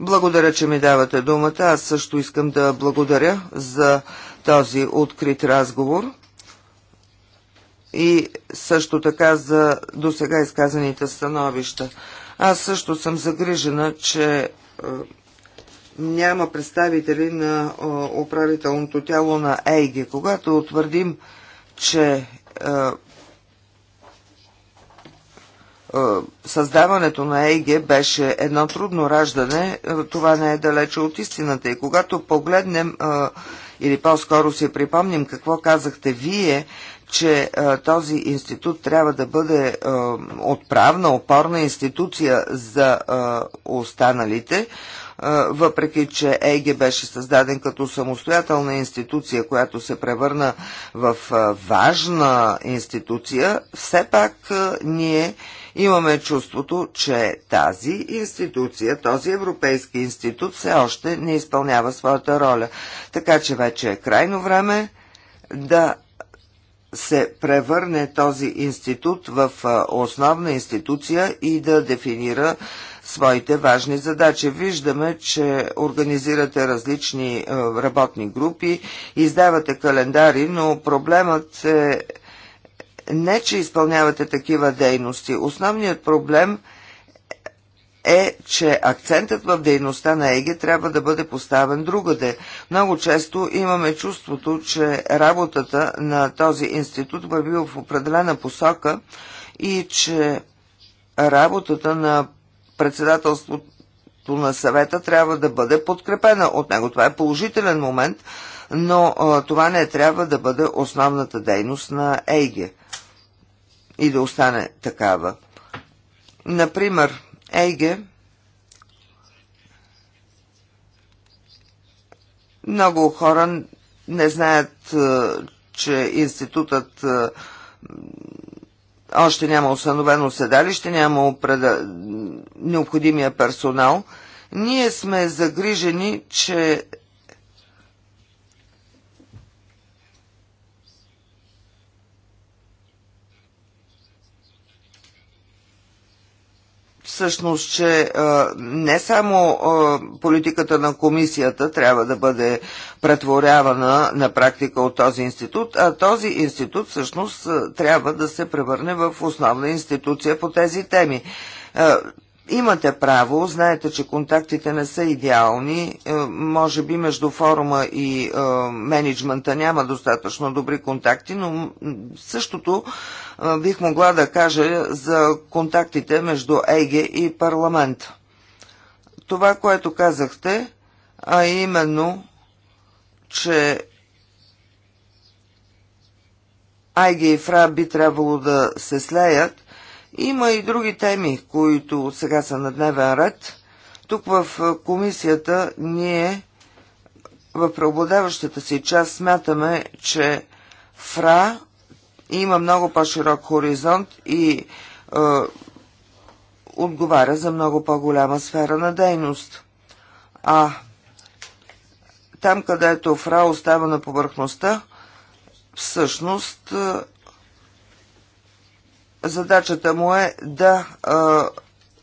Благодаря, че ми давате думата. Аз също искам да благодаря за този открит разговор и също така за до сега изказаните становища. Аз също съм загрижена, че е, няма представители на е, управителното тяло на ЕГИ. Когато утвърдим, че е, е, създаването на ЕГ беше едно трудно раждане, е, това не е далече от истината. И когато погледнем е, или по-скоро си припомним какво казахте вие, че този институт трябва да бъде отправна, опорна институция за останалите, въпреки че ЕГЕ беше създаден като самостоятелна институция, която се превърна в важна институция, все пак ние Имаме чувството, че тази институция, този Европейски институт все още не изпълнява своята роля. Така че вече е крайно време да се превърне този институт в основна институция и да дефинира своите важни задачи. Виждаме, че организирате различни работни групи, издавате календари, но проблемът е не че изпълнявате такива дейности. Основният проблем е, че акцентът в дейността на ЕГЕ трябва да бъде поставен другаде. Много често имаме чувството, че работата на този институт върви в определена посока и че работата на председателството на съвета трябва да бъде подкрепена от него. Това е положителен момент, но а, това не трябва да бъде основната дейност на ЕГЕ и да остане такава. Например, ЕГЕ много хора не знаят, е, че институтът е, още няма установено седалище, няма опреда... необходимия персонал. Ние сме загрижени, че всъщност, че не само политиката на комисията трябва да бъде претворявана на практика от този институт, а този институт всъщност трябва да се превърне в основна институция по тези теми. Имате право, знаете, че контактите не са идеални. Е, може би между форума и е, менеджмента няма достатъчно добри контакти, но същото е, бих могла да кажа за контактите между ЕГЕ и парламент. Това, което казахте, а именно, че Айге и Фра би трябвало да се слеят, има и други теми, които сега са на дневен ред. Тук в комисията ние в преобладаващата си част смятаме, че ФРА има много по-широк хоризонт и е, отговаря за много по-голяма сфера на дейност. А там, където ФРА остава на повърхността, всъщност задачата му е да а,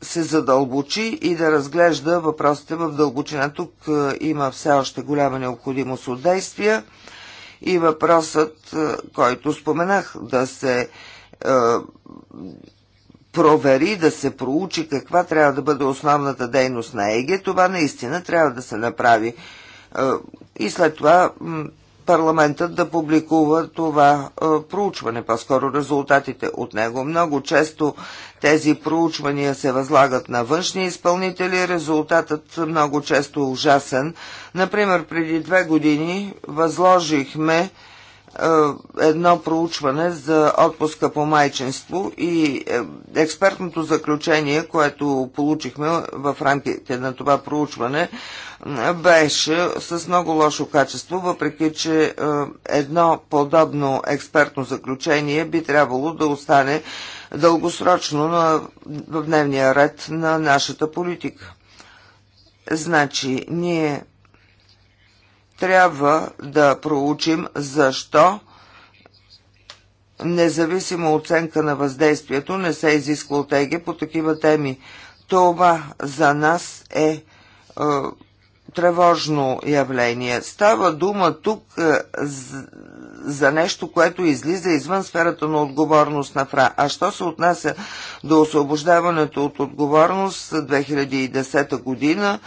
се задълбочи и да разглежда въпросите в дълбочина. Тук а, има все още голяма необходимост от действия и въпросът, а, който споменах, да се а, провери, да се проучи каква трябва да бъде основната дейност на ЕГЕ, това наистина трябва да се направи. И след това парламентът да публикува това а, е, проучване, по-скоро резултатите от него. Много често тези проучвания се възлагат на външни изпълнители, резултатът много често е ужасен. Например, преди две години възложихме е, едно проучване за отпуска по майчинство и е, експертното заключение, което получихме в рамките на това проучване, беше с много лошо качество, въпреки че е, едно подобно експертно заключение би трябвало да остане дългосрочно в дневния ред на нашата политика. Значи, ние трябва да проучим защо независимо оценка на въздействието не се изисква от ЕГЕ по такива теми. Това за нас е, е тревожно явление. Става дума тук е, за нещо, което излиза извън сферата на отговорност на ФРА. А що се отнася до освобождаването от отговорност 2010 година,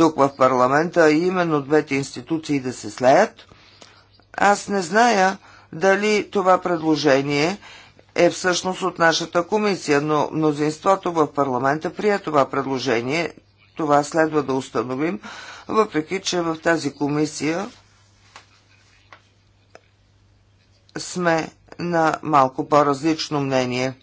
тук в парламента, а именно двете институции да се слеят. Аз не зная дали това предложение е всъщност от нашата комисия, но мнозинството в парламента прие това предложение. Това следва да установим, въпреки че в тази комисия сме на малко по-различно мнение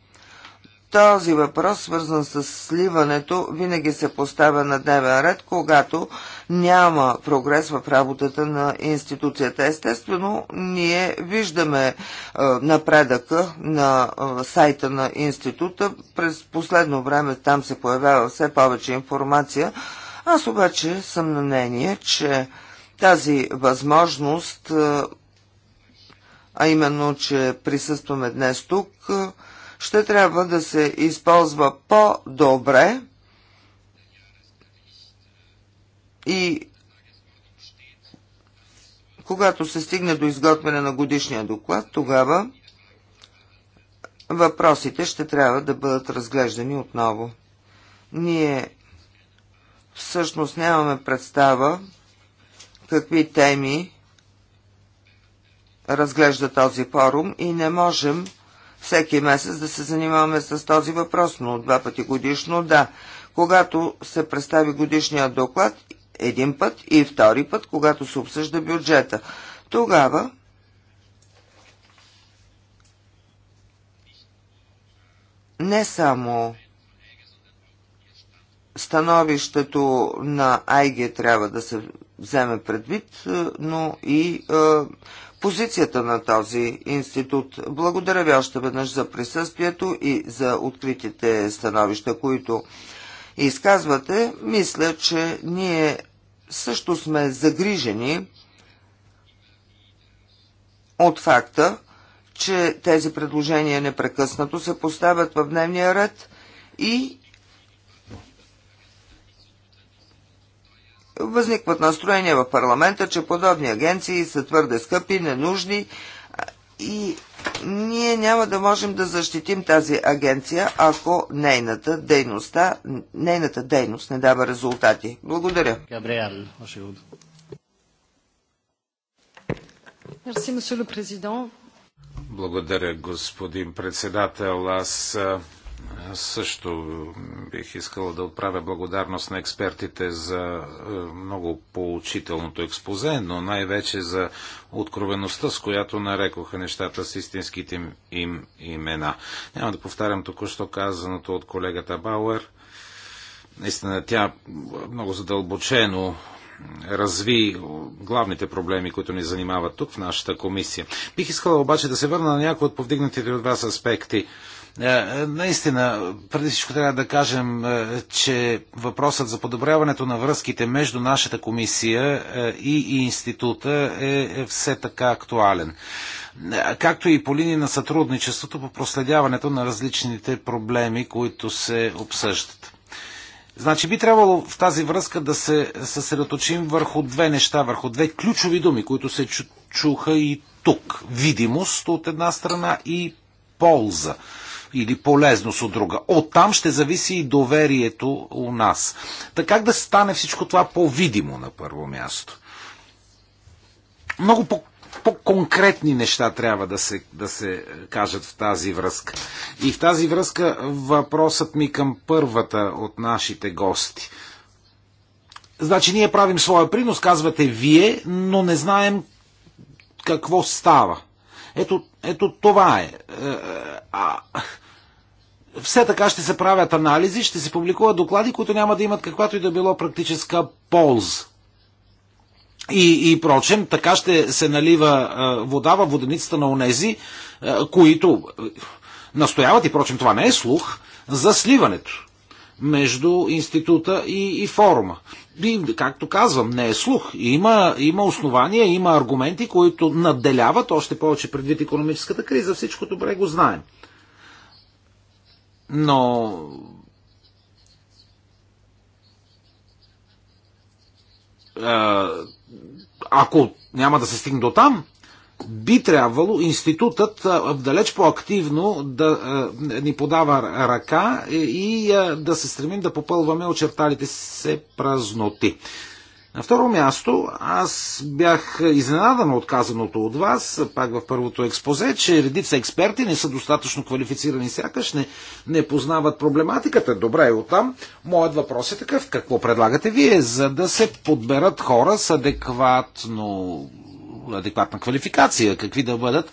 този въпрос, свързан с сливането, винаги се поставя на дневен ред, когато няма прогрес в работата на институцията. Естествено, ние виждаме е, напредъка на е, сайта на института. През последно време там се появява все повече информация. Аз обаче съм на мнение, че тази възможност, е, а именно, че присъстваме днес тук, е, ще трябва да се използва по-добре и когато се стигне до изготвяне на годишния доклад, тогава въпросите ще трябва да бъдат разглеждани отново. Ние всъщност нямаме представа какви теми разглежда този форум и не можем всеки месец да се занимаваме с този въпрос, но два пъти годишно да. Когато се представи годишния доклад, един път и втори път, когато се обсъжда бюджета. Тогава не само становището на Айге трябва да се вземе предвид, но и е, позицията на този институт. Благодаря ви още веднъж за присъствието и за откритите становища, които изказвате. Мисля, че ние също сме загрижени от факта, че тези предложения непрекъснато се поставят в дневния ред и Възникват настроения в парламента, че подобни агенции са твърде скъпи, ненужни и ние няма да можем да защитим тази агенция, ако нейната, дейността, нейната дейност не дава резултати. Благодаря. Габриел, Благодаря, господин председател. Аз също бих искал да отправя благодарност на експертите за е, много поучителното експозе, но най-вече за откровеността, с която нарекоха нещата с истинските им имена. Няма да повтарям току-що казаното от колегата Бауер. Наистина тя много задълбочено разви главните проблеми, които ни занимават тук в нашата комисия. Бих искала обаче да се върна на някои от повдигнатите от вас аспекти. Е, е, наистина, преди всичко трябва да кажем, е, че въпросът за подобряването на връзките между нашата комисия и института е все така актуален. Както и по линия на сътрудничеството по проследяването на различните проблеми, които се обсъждат. Значи би трябвало в тази връзка да се съсредоточим върху две неща, върху две ключови думи, които се чуха и тук. Видимост от една страна и полза или полезност от друга. Оттам ще зависи и доверието у нас. Така как да стане всичко това по-видимо на първо място? Много по- по-конкретни неща трябва да се, да се кажат в тази връзка. И в тази връзка въпросът ми към първата от нашите гости. Значи ние правим своя принос, казвате вие, но не знаем какво става. Ето, ето това е. е, е а, все така ще се правят анализи, ще се публикуват доклади, които няма да имат каквато и да било практическа полза. И, и прочем, така ще се налива вода в воденицата на онези, които настояват, и прочем това не е слух, за сливането между института и, и форума. И, както казвам, не е слух. Има, има основания, има аргументи, които надделяват, още повече предвид економическата криза, всичко добре го знаем. Но ако няма да се стигне до там, би трябвало институтът далеч по-активно да ни подава ръка и да се стремим да попълваме очерталите се празноти. На второ място, аз бях изненадан от казаното от вас, пак в първото експозе, че редица експерти не са достатъчно квалифицирани, сякаш не, не познават проблематиката. Добре, и оттам моят въпрос е такъв. Какво предлагате вие, за да се подберат хора с адекватно, адекватна квалификация? Какви да бъдат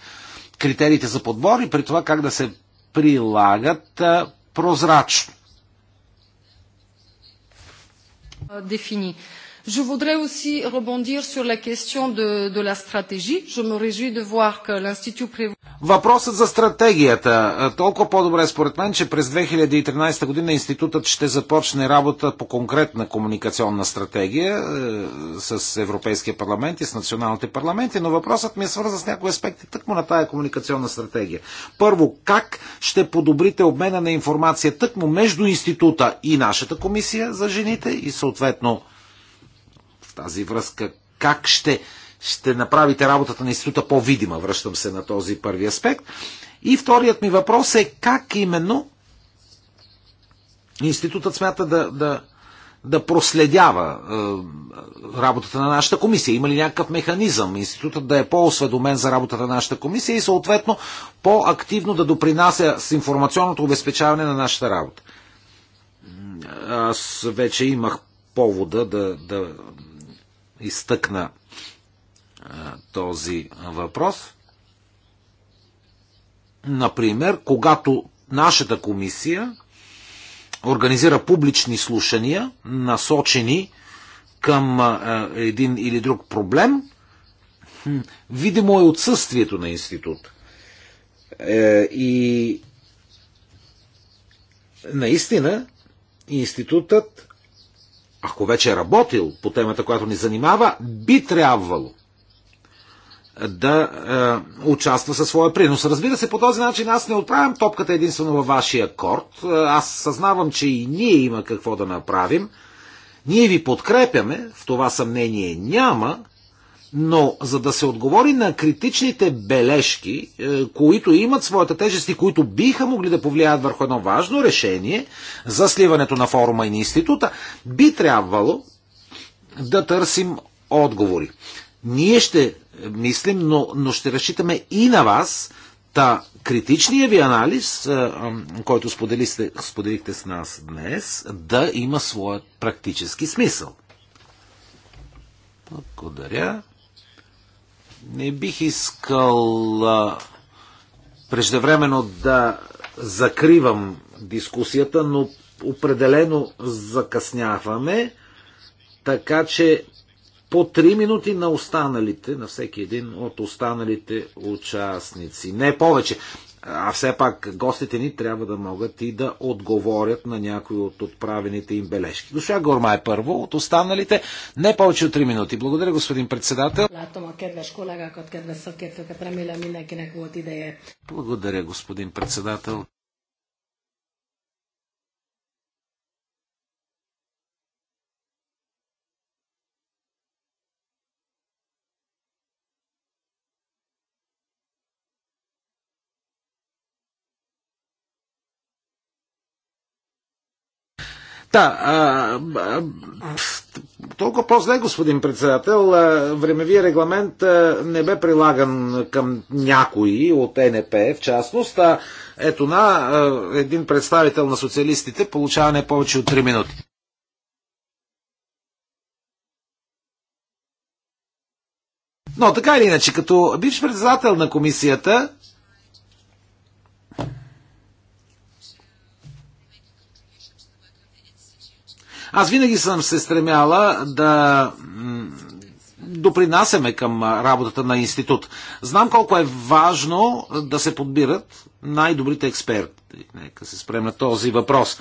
критериите за подбор и при това как да се прилагат прозрачно? Дефини. Uh, Je voudrais aussi rebondir sur la question de, de la stratégie. Je me réjouis de voir que l'Institut prévoit... Въпросът за стратегията. Е, толкова по-добре според мен, че през 2013 година институтът ще започне работа по конкретна комуникационна стратегия е, с Европейския парламент и с националните парламенти, но въпросът ми е свързан с някои аспекти тъкмо на тая комуникационна стратегия. Първо, как ще подобрите обмена на информация тъкмо между института и нашата комисия за жените и съответно тази връзка как ще, ще направите работата на института по-видима? Връщам се на този първи аспект. И вторият ми въпрос е как именно институтът смята да, да, да проследява е, работата на нашата комисия. Има ли някакъв механизъм институтът да е по-осведомен за работата на нашата комисия и съответно по-активно да допринася с информационното обезпечаване на нашата работа? Аз вече имах повода да, да изтъкна този въпрос. Например, когато нашата комисия организира публични слушания, насочени към един или друг проблем, видимо е отсъствието на институт. Е, и наистина институтът ако вече е работил по темата, която ни занимава, би трябвало да е, участва със своя принос. Разбира се, по този начин аз не отправям топката единствено във вашия корт. Е, аз съзнавам, че и ние има какво да направим. Ние ви подкрепяме, в това съмнение няма, но за да се отговори на критичните бележки, е, които имат своята тежест и които биха могли да повлияят върху едно важно решение за сливането на форума и на института, би трябвало да търсим отговори. Ние ще мислим, но, но ще разчитаме и на вас, Та, критичният ви анализ, е, който споделихте, споделихте с нас днес, да има своят практически смисъл. Благодаря. Не бих искал а, преждевременно да закривам дискусията, но определено закъсняваме, така че по 3 минути на останалите, на всеки един от останалите участници. Не повече. А все пак гостите ни трябва да могат и да отговорят на някои от отправените им бележки. Душа Горма е първо, от останалите не повече от 3 минути. Благодаря, господин председател. Благодаря, господин председател. Та, а, а, толкова по-зле, господин председател, времевия регламент не бе прилаган към някои от НП в частност, а ето на един представител на социалистите получава не повече от 3 минути. Но така или иначе, като бивш председател на комисията, Аз винаги съм се стремяла да допринасяме към работата на институт. Знам колко е важно да се подбират най-добрите експерти. Нека се спрем на този въпрос.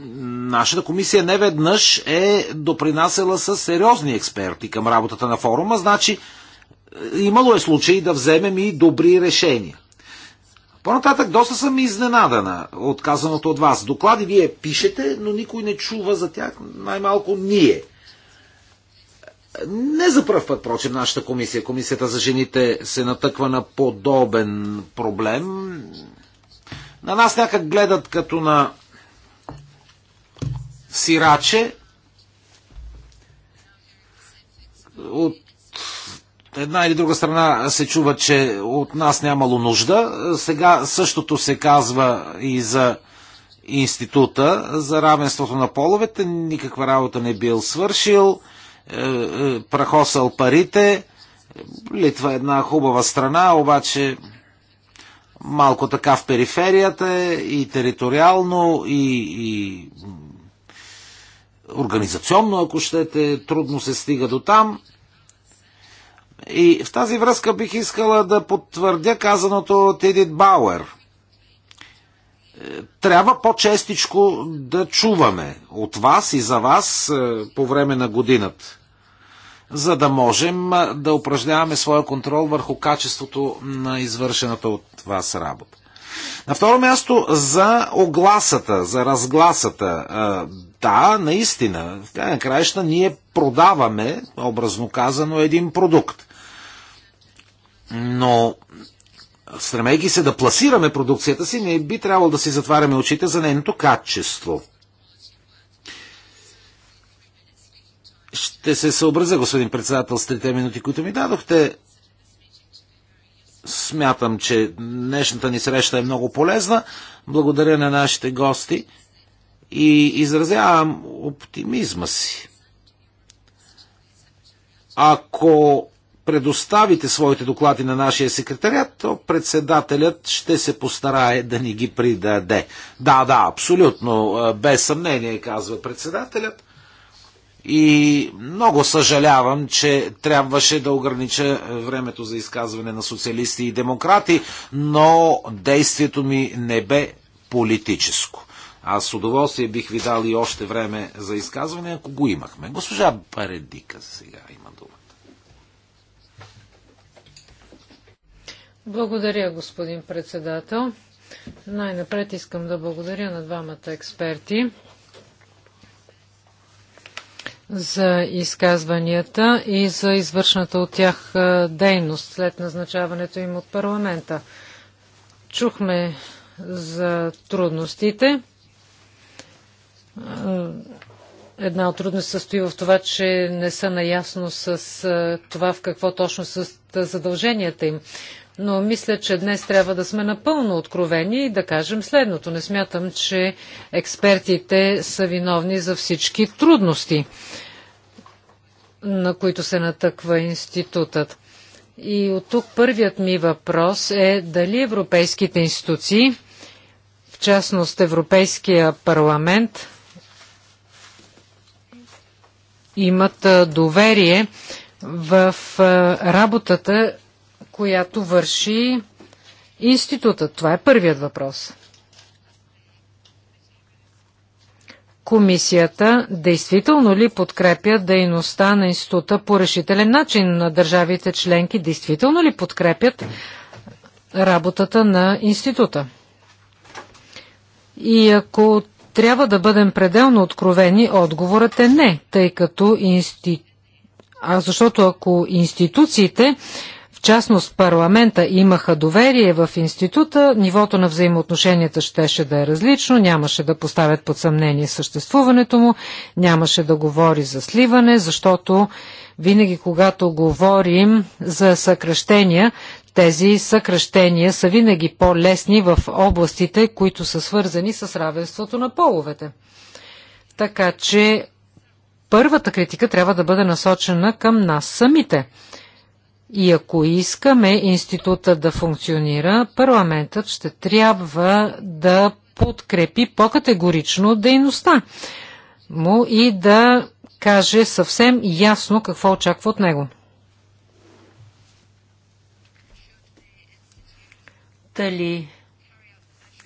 Нашата комисия не веднъж е допринасяла с сериозни експерти към работата на форума, значи е, имало е случаи да вземем и добри решения. По-нататък доста съм изненадана от казаното от вас. Доклади вие пишете, но никой не чува за тях, най-малко ние. Не за първ път, прочим, нашата комисия, комисията за жените, се натъква на подобен проблем. На нас някак гледат като на сираче, от една или друга страна се чува, че от нас нямало нужда. Сега същото се казва и за института за равенството на половете. Никаква работа не бил свършил, е, е, прахосал парите. Литва е една хубава страна, обаче малко така в периферията е и териториално, и, и организационно, ако щете, трудно се стига до там. И в тази връзка бих искала да потвърдя казаното от Едит Бауер. Е, трябва по-честичко да чуваме от вас и за вас е, по време на годината, за да можем е, да упражняваме своя контрол върху качеството на извършената от вас работа. На второ място за огласата, за разгласата. Да, наистина, в крайна краища ние продаваме, образно казано, един продукт. Но стремейки се да пласираме продукцията си, не би трябвало да си затваряме очите за нейното качество. Ще се съобразя, господин председател, с трите минути, които ми дадохте. Смятам, че днешната ни среща е много полезна. Благодаря на нашите гости и изразявам оптимизма си. Ако предоставите своите доклади на нашия секретарят, то председателят ще се постарае да ни ги придаде. Да, да, абсолютно, без съмнение, казва председателят. И много съжалявам, че трябваше да огранича времето за изказване на социалисти и демократи, но действието ми не бе политическо. Аз с удоволствие бих ви дал и още време за изказване, ако го имахме. Госпожа Паредика сега има. Благодаря, господин председател. Най-напред искам да благодаря на двамата експерти за изказванията и за извършната от тях дейност след назначаването им от парламента. Чухме за трудностите. Една от трудност състои в това, че не са наясно с това в какво точно са задълженията им но мисля, че днес трябва да сме напълно откровени и да кажем следното. Не смятам, че експертите са виновни за всички трудности, на които се натъква институтът. И от тук първият ми въпрос е дали европейските институции, в частност Европейския парламент, имат доверие в работата която върши институтът? Това е първият въпрос. Комисията действително ли подкрепя дейността на института по решителен начин на държавите членки? Действително ли подкрепят работата на института? И ако трябва да бъдем пределно откровени, отговорът е не, тъй като институт а защото ако институциите частност парламента имаха доверие в института, нивото на взаимоотношенията щеше да е различно, нямаше да поставят под съмнение съществуването му, нямаше да говори за сливане, защото винаги когато говорим за съкръщения, тези съкръщения са винаги по-лесни в областите, които са свързани с равенството на половете. Така че първата критика трябва да бъде насочена към нас самите – и ако искаме института да функционира, парламентът ще трябва да подкрепи по-категорично дейността му и да каже съвсем ясно какво очаква от него. Дали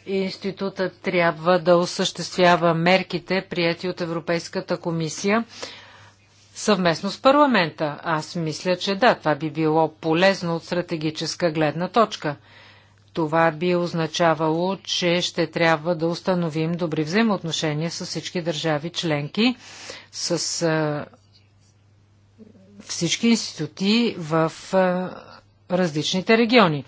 институтът трябва да осъществява мерките, прияти от Европейската комисия съвместно с парламента. Аз мисля, че да, това би било полезно от стратегическа гледна точка. Това би означавало, че ще трябва да установим добри взаимоотношения с всички държави членки, с а, всички институти в а, различните региони.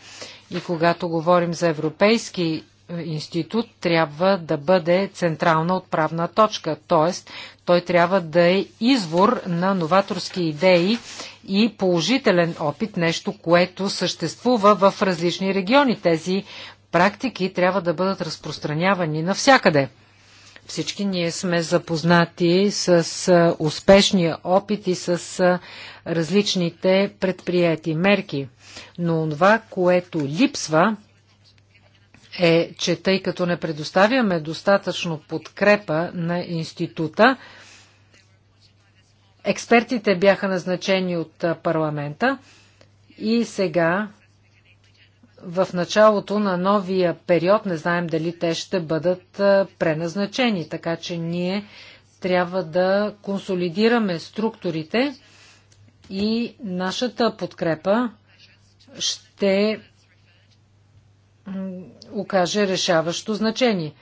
И когато говорим за Европейски институт, трябва да бъде централна отправна точка, т.е. Той трябва да е извор на новаторски идеи и положителен опит, нещо, което съществува в различни региони. Тези практики трябва да бъдат разпространявани навсякъде. Всички ние сме запознати с успешния опит и с различните предприяти мерки. Но това, което липсва, е, че тъй като не предоставяме достатъчно подкрепа на института, експертите бяха назначени от парламента и сега в началото на новия период не знаем дали те ще бъдат преназначени, така че ние трябва да консолидираме структурите и нашата подкрепа ще окаже решаващо значение.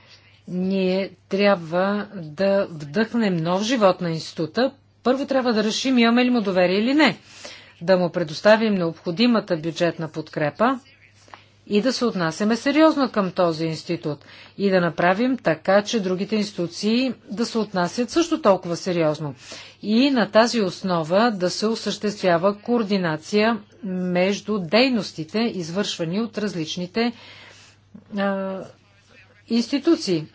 Ние трябва да вдъхнем нов живот на института. Първо трябва да решим имаме ли му доверие или не. Да му предоставим необходимата бюджетна подкрепа и да се отнасяме сериозно към този институт и да направим така, че другите институции да се отнасят също толкова сериозно. И на тази основа да се осъществява координация между дейностите, извършвани от различните а, институции.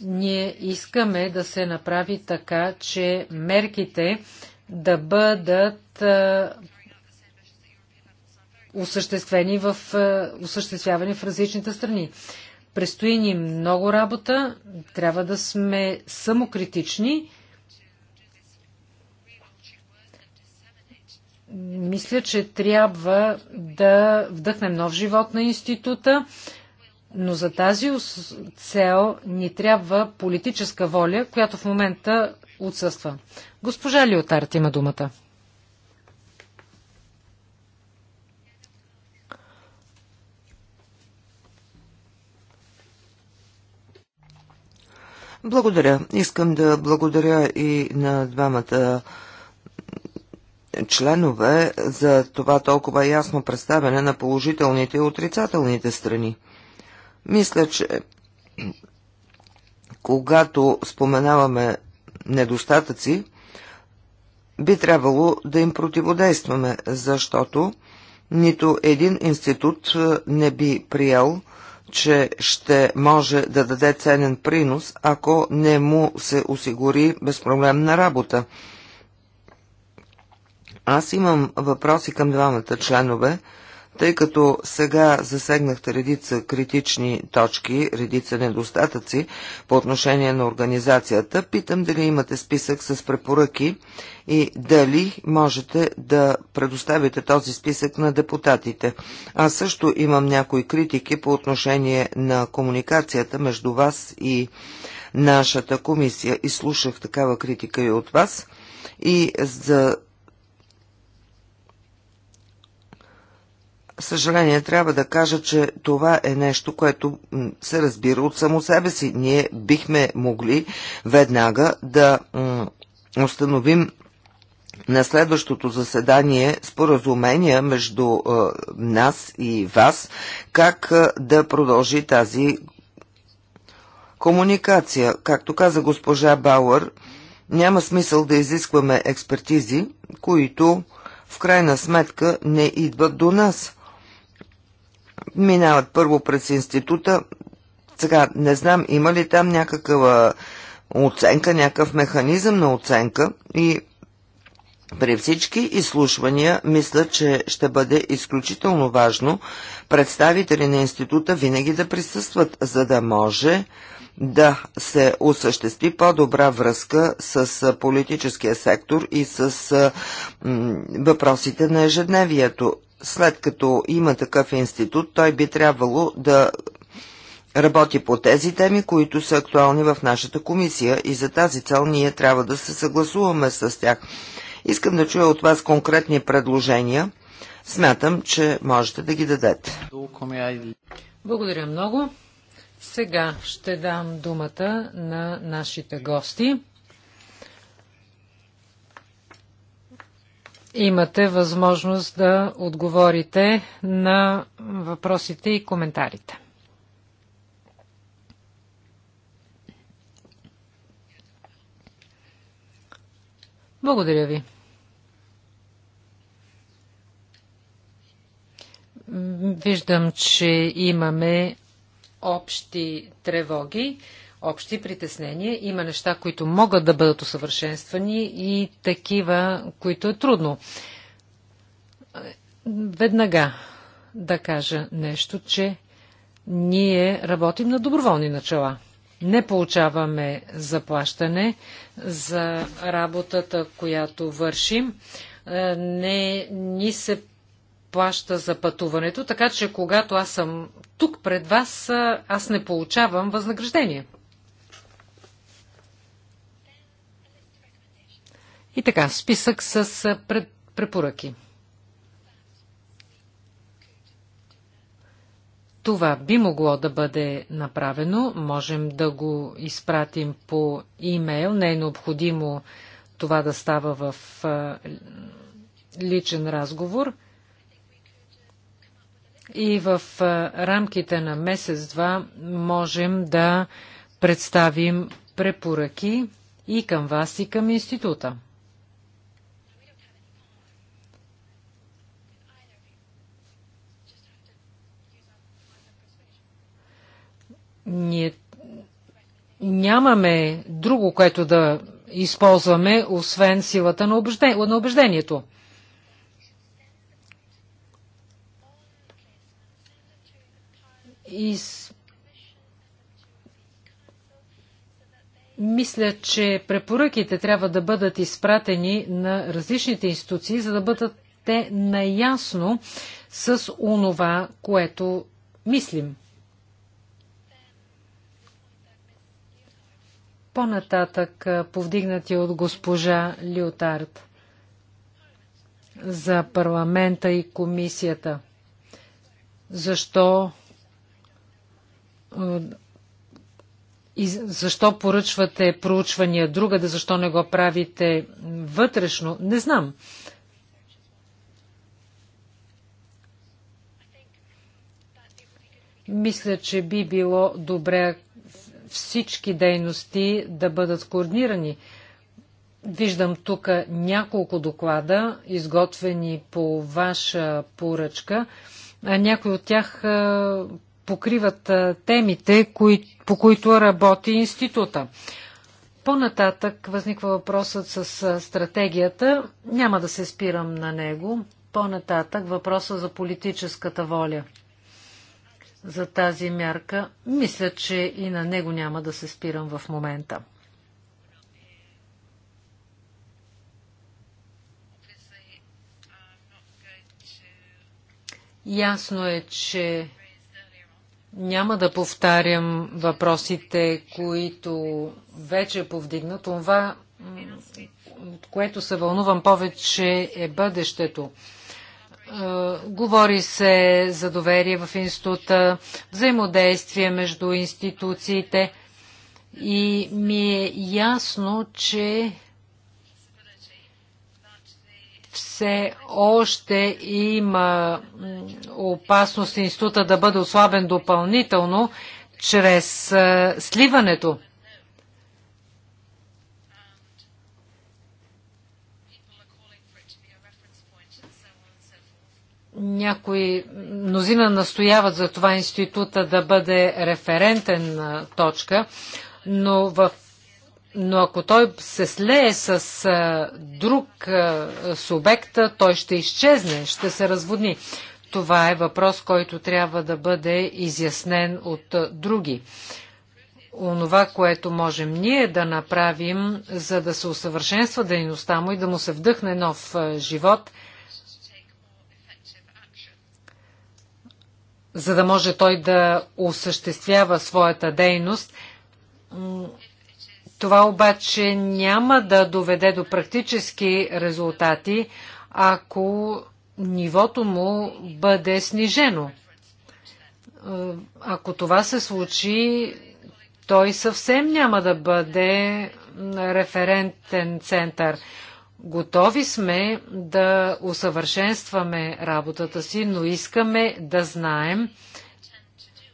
Ние искаме да се направи така, че мерките да бъдат а, осъществени в, а, осъществявани в различните страни. Престои ни много работа, трябва да сме самокритични мисля, че трябва да вдъхнем нов живот на института, но за тази цел ни трябва политическа воля, която в момента отсъства. Госпожа Лиотарт има думата. Благодаря. Искам да благодаря и на двамата членове за това толкова ясно представяне на положителните и отрицателните страни. Мисля, че когато споменаваме недостатъци, би трябвало да им противодействаме, защото нито един институт не би приел, че ще може да даде ценен принос, ако не му се осигури безпроблемна работа. Аз имам въпроси към двамата членове, тъй като сега засегнахте редица критични точки, редица недостатъци по отношение на организацията. Питам дали имате списък с препоръки и дали можете да предоставите този списък на депутатите. Аз също имам някои критики по отношение на комуникацията между вас и нашата комисия. И слушах такава критика и от вас. И за съжаление трябва да кажа, че това е нещо, което се разбира от само себе си. Ние бихме могли веднага да установим на следващото заседание споразумения между нас и вас, как да продължи тази комуникация. Както каза госпожа Бауър, няма смисъл да изискваме експертизи, които в крайна сметка не идват до нас минават първо през института. Сега не знам има ли там някаква оценка, някакъв механизъм на оценка и при всички изслушвания мисля, че ще бъде изключително важно представители на института винаги да присъстват, за да може да се осъществи по-добра връзка с политическия сектор и с въпросите на ежедневието след като има такъв институт, той би трябвало да работи по тези теми, които са актуални в нашата комисия и за тази цел ние трябва да се съгласуваме с тях. Искам да чуя от вас конкретни предложения. Смятам, че можете да ги дадете. Благодаря много. Сега ще дам думата на нашите гости. имате възможност да отговорите на въпросите и коментарите. Благодаря ви. Виждам, че имаме общи тревоги общи притеснения. Има неща, които могат да бъдат усъвършенствани и такива, които е трудно. Веднага да кажа нещо, че ние работим на доброволни начала. Не получаваме заплащане за работата, която вършим. Е, не ни се плаща за пътуването, така че когато аз съм тук пред вас, е, аз не получавам възнаграждение. И така, списък с пред, препоръки. Това би могло да бъде направено. Можем да го изпратим по имейл. Не е необходимо това да става в личен разговор. И в рамките на месец-два можем да представим препоръки и към вас, и към института. Ние нямаме друго, което да използваме, освен силата на, убеждение, на убеждението. И с... Мисля, че препоръките трябва да бъдат изпратени на различните институции, за да бъдат те наясно с онова, което мислим. по-нататък повдигнати от госпожа Лиотард за парламента и комисията. Защо, и защо поръчвате проучвания друга, да защо не го правите вътрешно, не знам. Мисля, че би било добре, всички дейности да бъдат координирани. Виждам тук няколко доклада, изготвени по ваша поръчка. Някои от тях покриват темите, по които работи института. По-нататък възниква въпросът с стратегията. Няма да се спирам на него. По-нататък въпроса за политическата воля за тази мярка. Мисля, че и на него няма да се спирам в момента. Ясно е, че няма да повтарям въпросите, които вече е повдигна. Това, от което се вълнувам повече, е бъдещето. Е, говори се за доверие в института, взаимодействие между институциите и ми е ясно, че все още има опасност института да бъде ослабен допълнително чрез е, сливането. някои мнозина настояват за това института да бъде референтен точка, но, в, но ако той се слее с а, друг а, субект, той ще изчезне, ще се разводни. Това е въпрос, който трябва да бъде изяснен от а, други. Онова, което можем ние да направим, за да се усъвършенства дейността му и да му се вдъхне нов а, живот – за да може той да осъществява своята дейност. Това обаче няма да доведе до практически резултати, ако нивото му бъде снижено. Е, ако това се случи, той съвсем няма да бъде референтен център. Готови сме да усъвършенстваме работата си, но искаме да знаем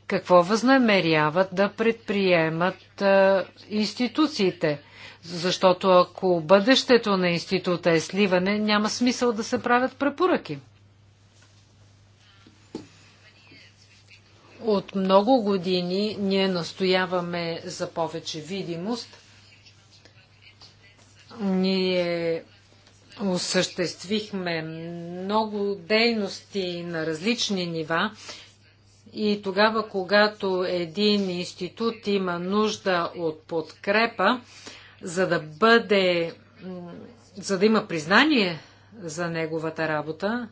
какво възнамеряват да предприемат институциите. Защото ако бъдещето на института е сливане, няма смисъл да се правят препоръки. От много години ние настояваме за повече видимост. Ние Осъществихме много дейности на различни нива и тогава, когато един институт има нужда от подкрепа, за да бъде, за да има признание за неговата работа,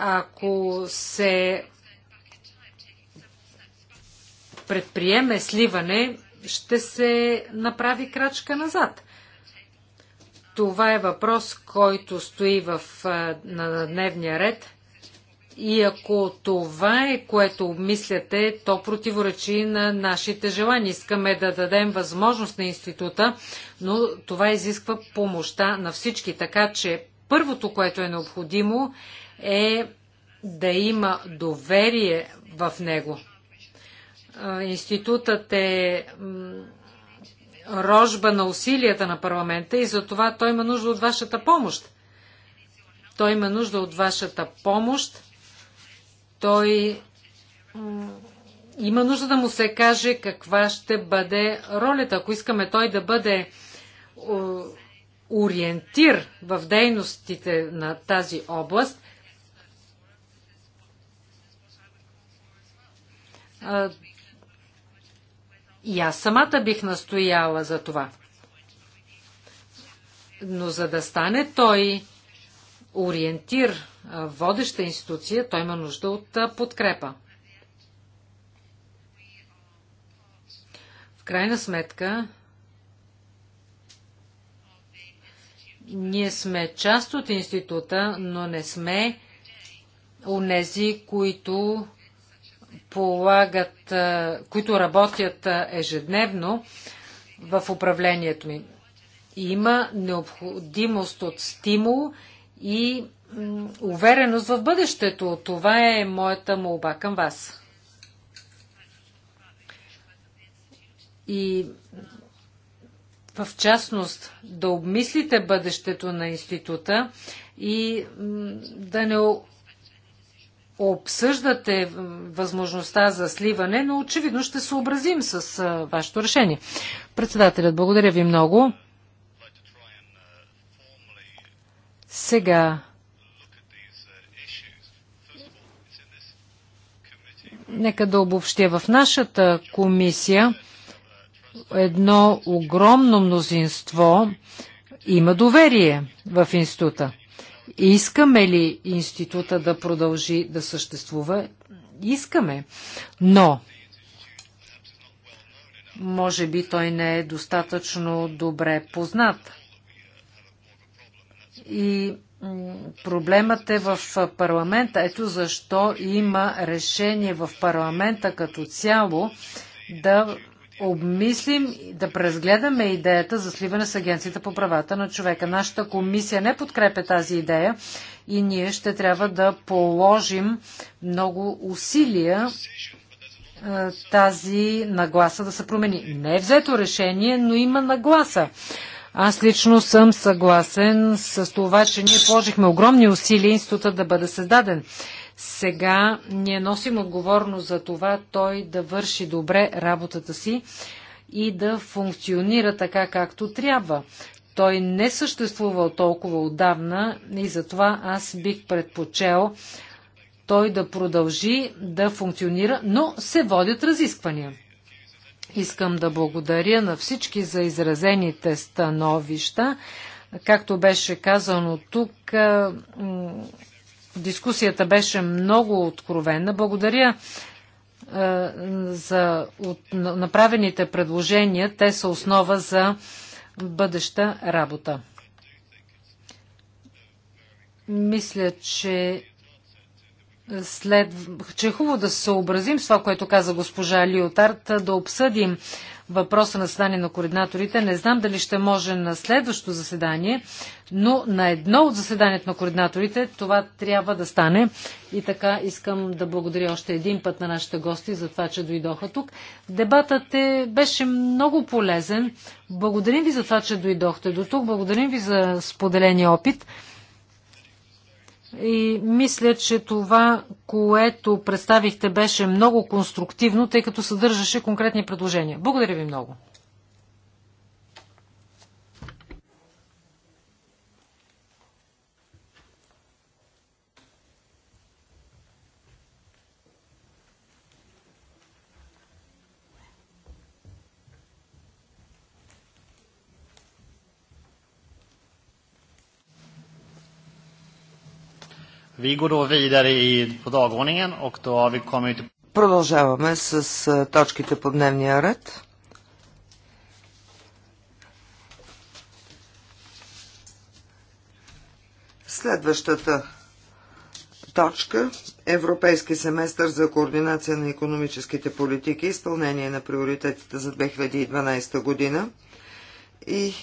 ако се предприеме сливане, ще се направи крачка назад. Това е въпрос, който стои в, на дневния ред. И ако това е, което обмисляте, то противоречи на нашите желания. Искаме да дадем възможност на института, но това изисква помощта на всички. Така че първото, което е необходимо, е да има доверие в него институтът е рожба на усилията на парламента и затова той има нужда от вашата помощ. Той има нужда от вашата помощ. Той има нужда да му се каже каква ще бъде ролята. Ако искаме той да бъде ориентир в дейностите на тази област, и аз самата бих настояла за това. Но за да стане той ориентир, водеща институция, той има нужда от подкрепа. В крайна сметка, ние сме част от института, но не сме унези, които полагат, които работят ежедневно в управлението ми. Има необходимост от стимул и увереност в бъдещето. Това е моята молба към вас. И в частност да обмислите бъдещето на института и да не обсъждате възможността за сливане, но очевидно ще съобразим с вашето решение. Председателят, благодаря ви много. Сега нека да обобщя в нашата комисия едно огромно мнозинство има доверие в института. Искаме ли института да продължи да съществува? Искаме. Но, може би той не е достатъчно добре познат. И проблемът е в парламента. Ето защо има решение в парламента като цяло да обмислим, да преразгледаме идеята за сливане с Агенцията по правата на човека. Нашата комисия не подкрепя тази идея и ние ще трябва да положим много усилия е, тази нагласа да се промени. Не е взето решение, но има нагласа. Аз лично съм съгласен с това, че ние положихме огромни усилия института да бъде създаден. Сега ние носим отговорност за това той да върши добре работата си и да функционира така както трябва. Той не съществувал толкова отдавна и затова аз бих предпочел той да продължи да функционира, но се водят разисквания. Искам да благодаря на всички за изразените становища. Както беше казано тук, Дискусията беше много откровена. Благодаря е, за направените предложения. Те са основа за бъдеща работа. Мисля, че след, че е хубаво да се съобразим с това, което каза госпожа Лиотарт, да обсъдим въпроса на заседание на координаторите. Не знам дали ще може на следващото заседание, но на едно от заседанието на координаторите това трябва да стане. И така искам да благодаря още един път на нашите гости за това, че дойдоха тук. Дебатът е, беше много полезен. Благодарим ви за това, че дойдохте до тук. Благодарим ви за споделения опит. И мисля, че това, което представихте, беше много конструктивно, тъй като съдържаше конкретни предложения. Благодаря ви много. Продължаваме с точките по дневния ред. Следващата точка Европейски семестър за координация на економическите политики и изпълнение на приоритетите за 2012 година. И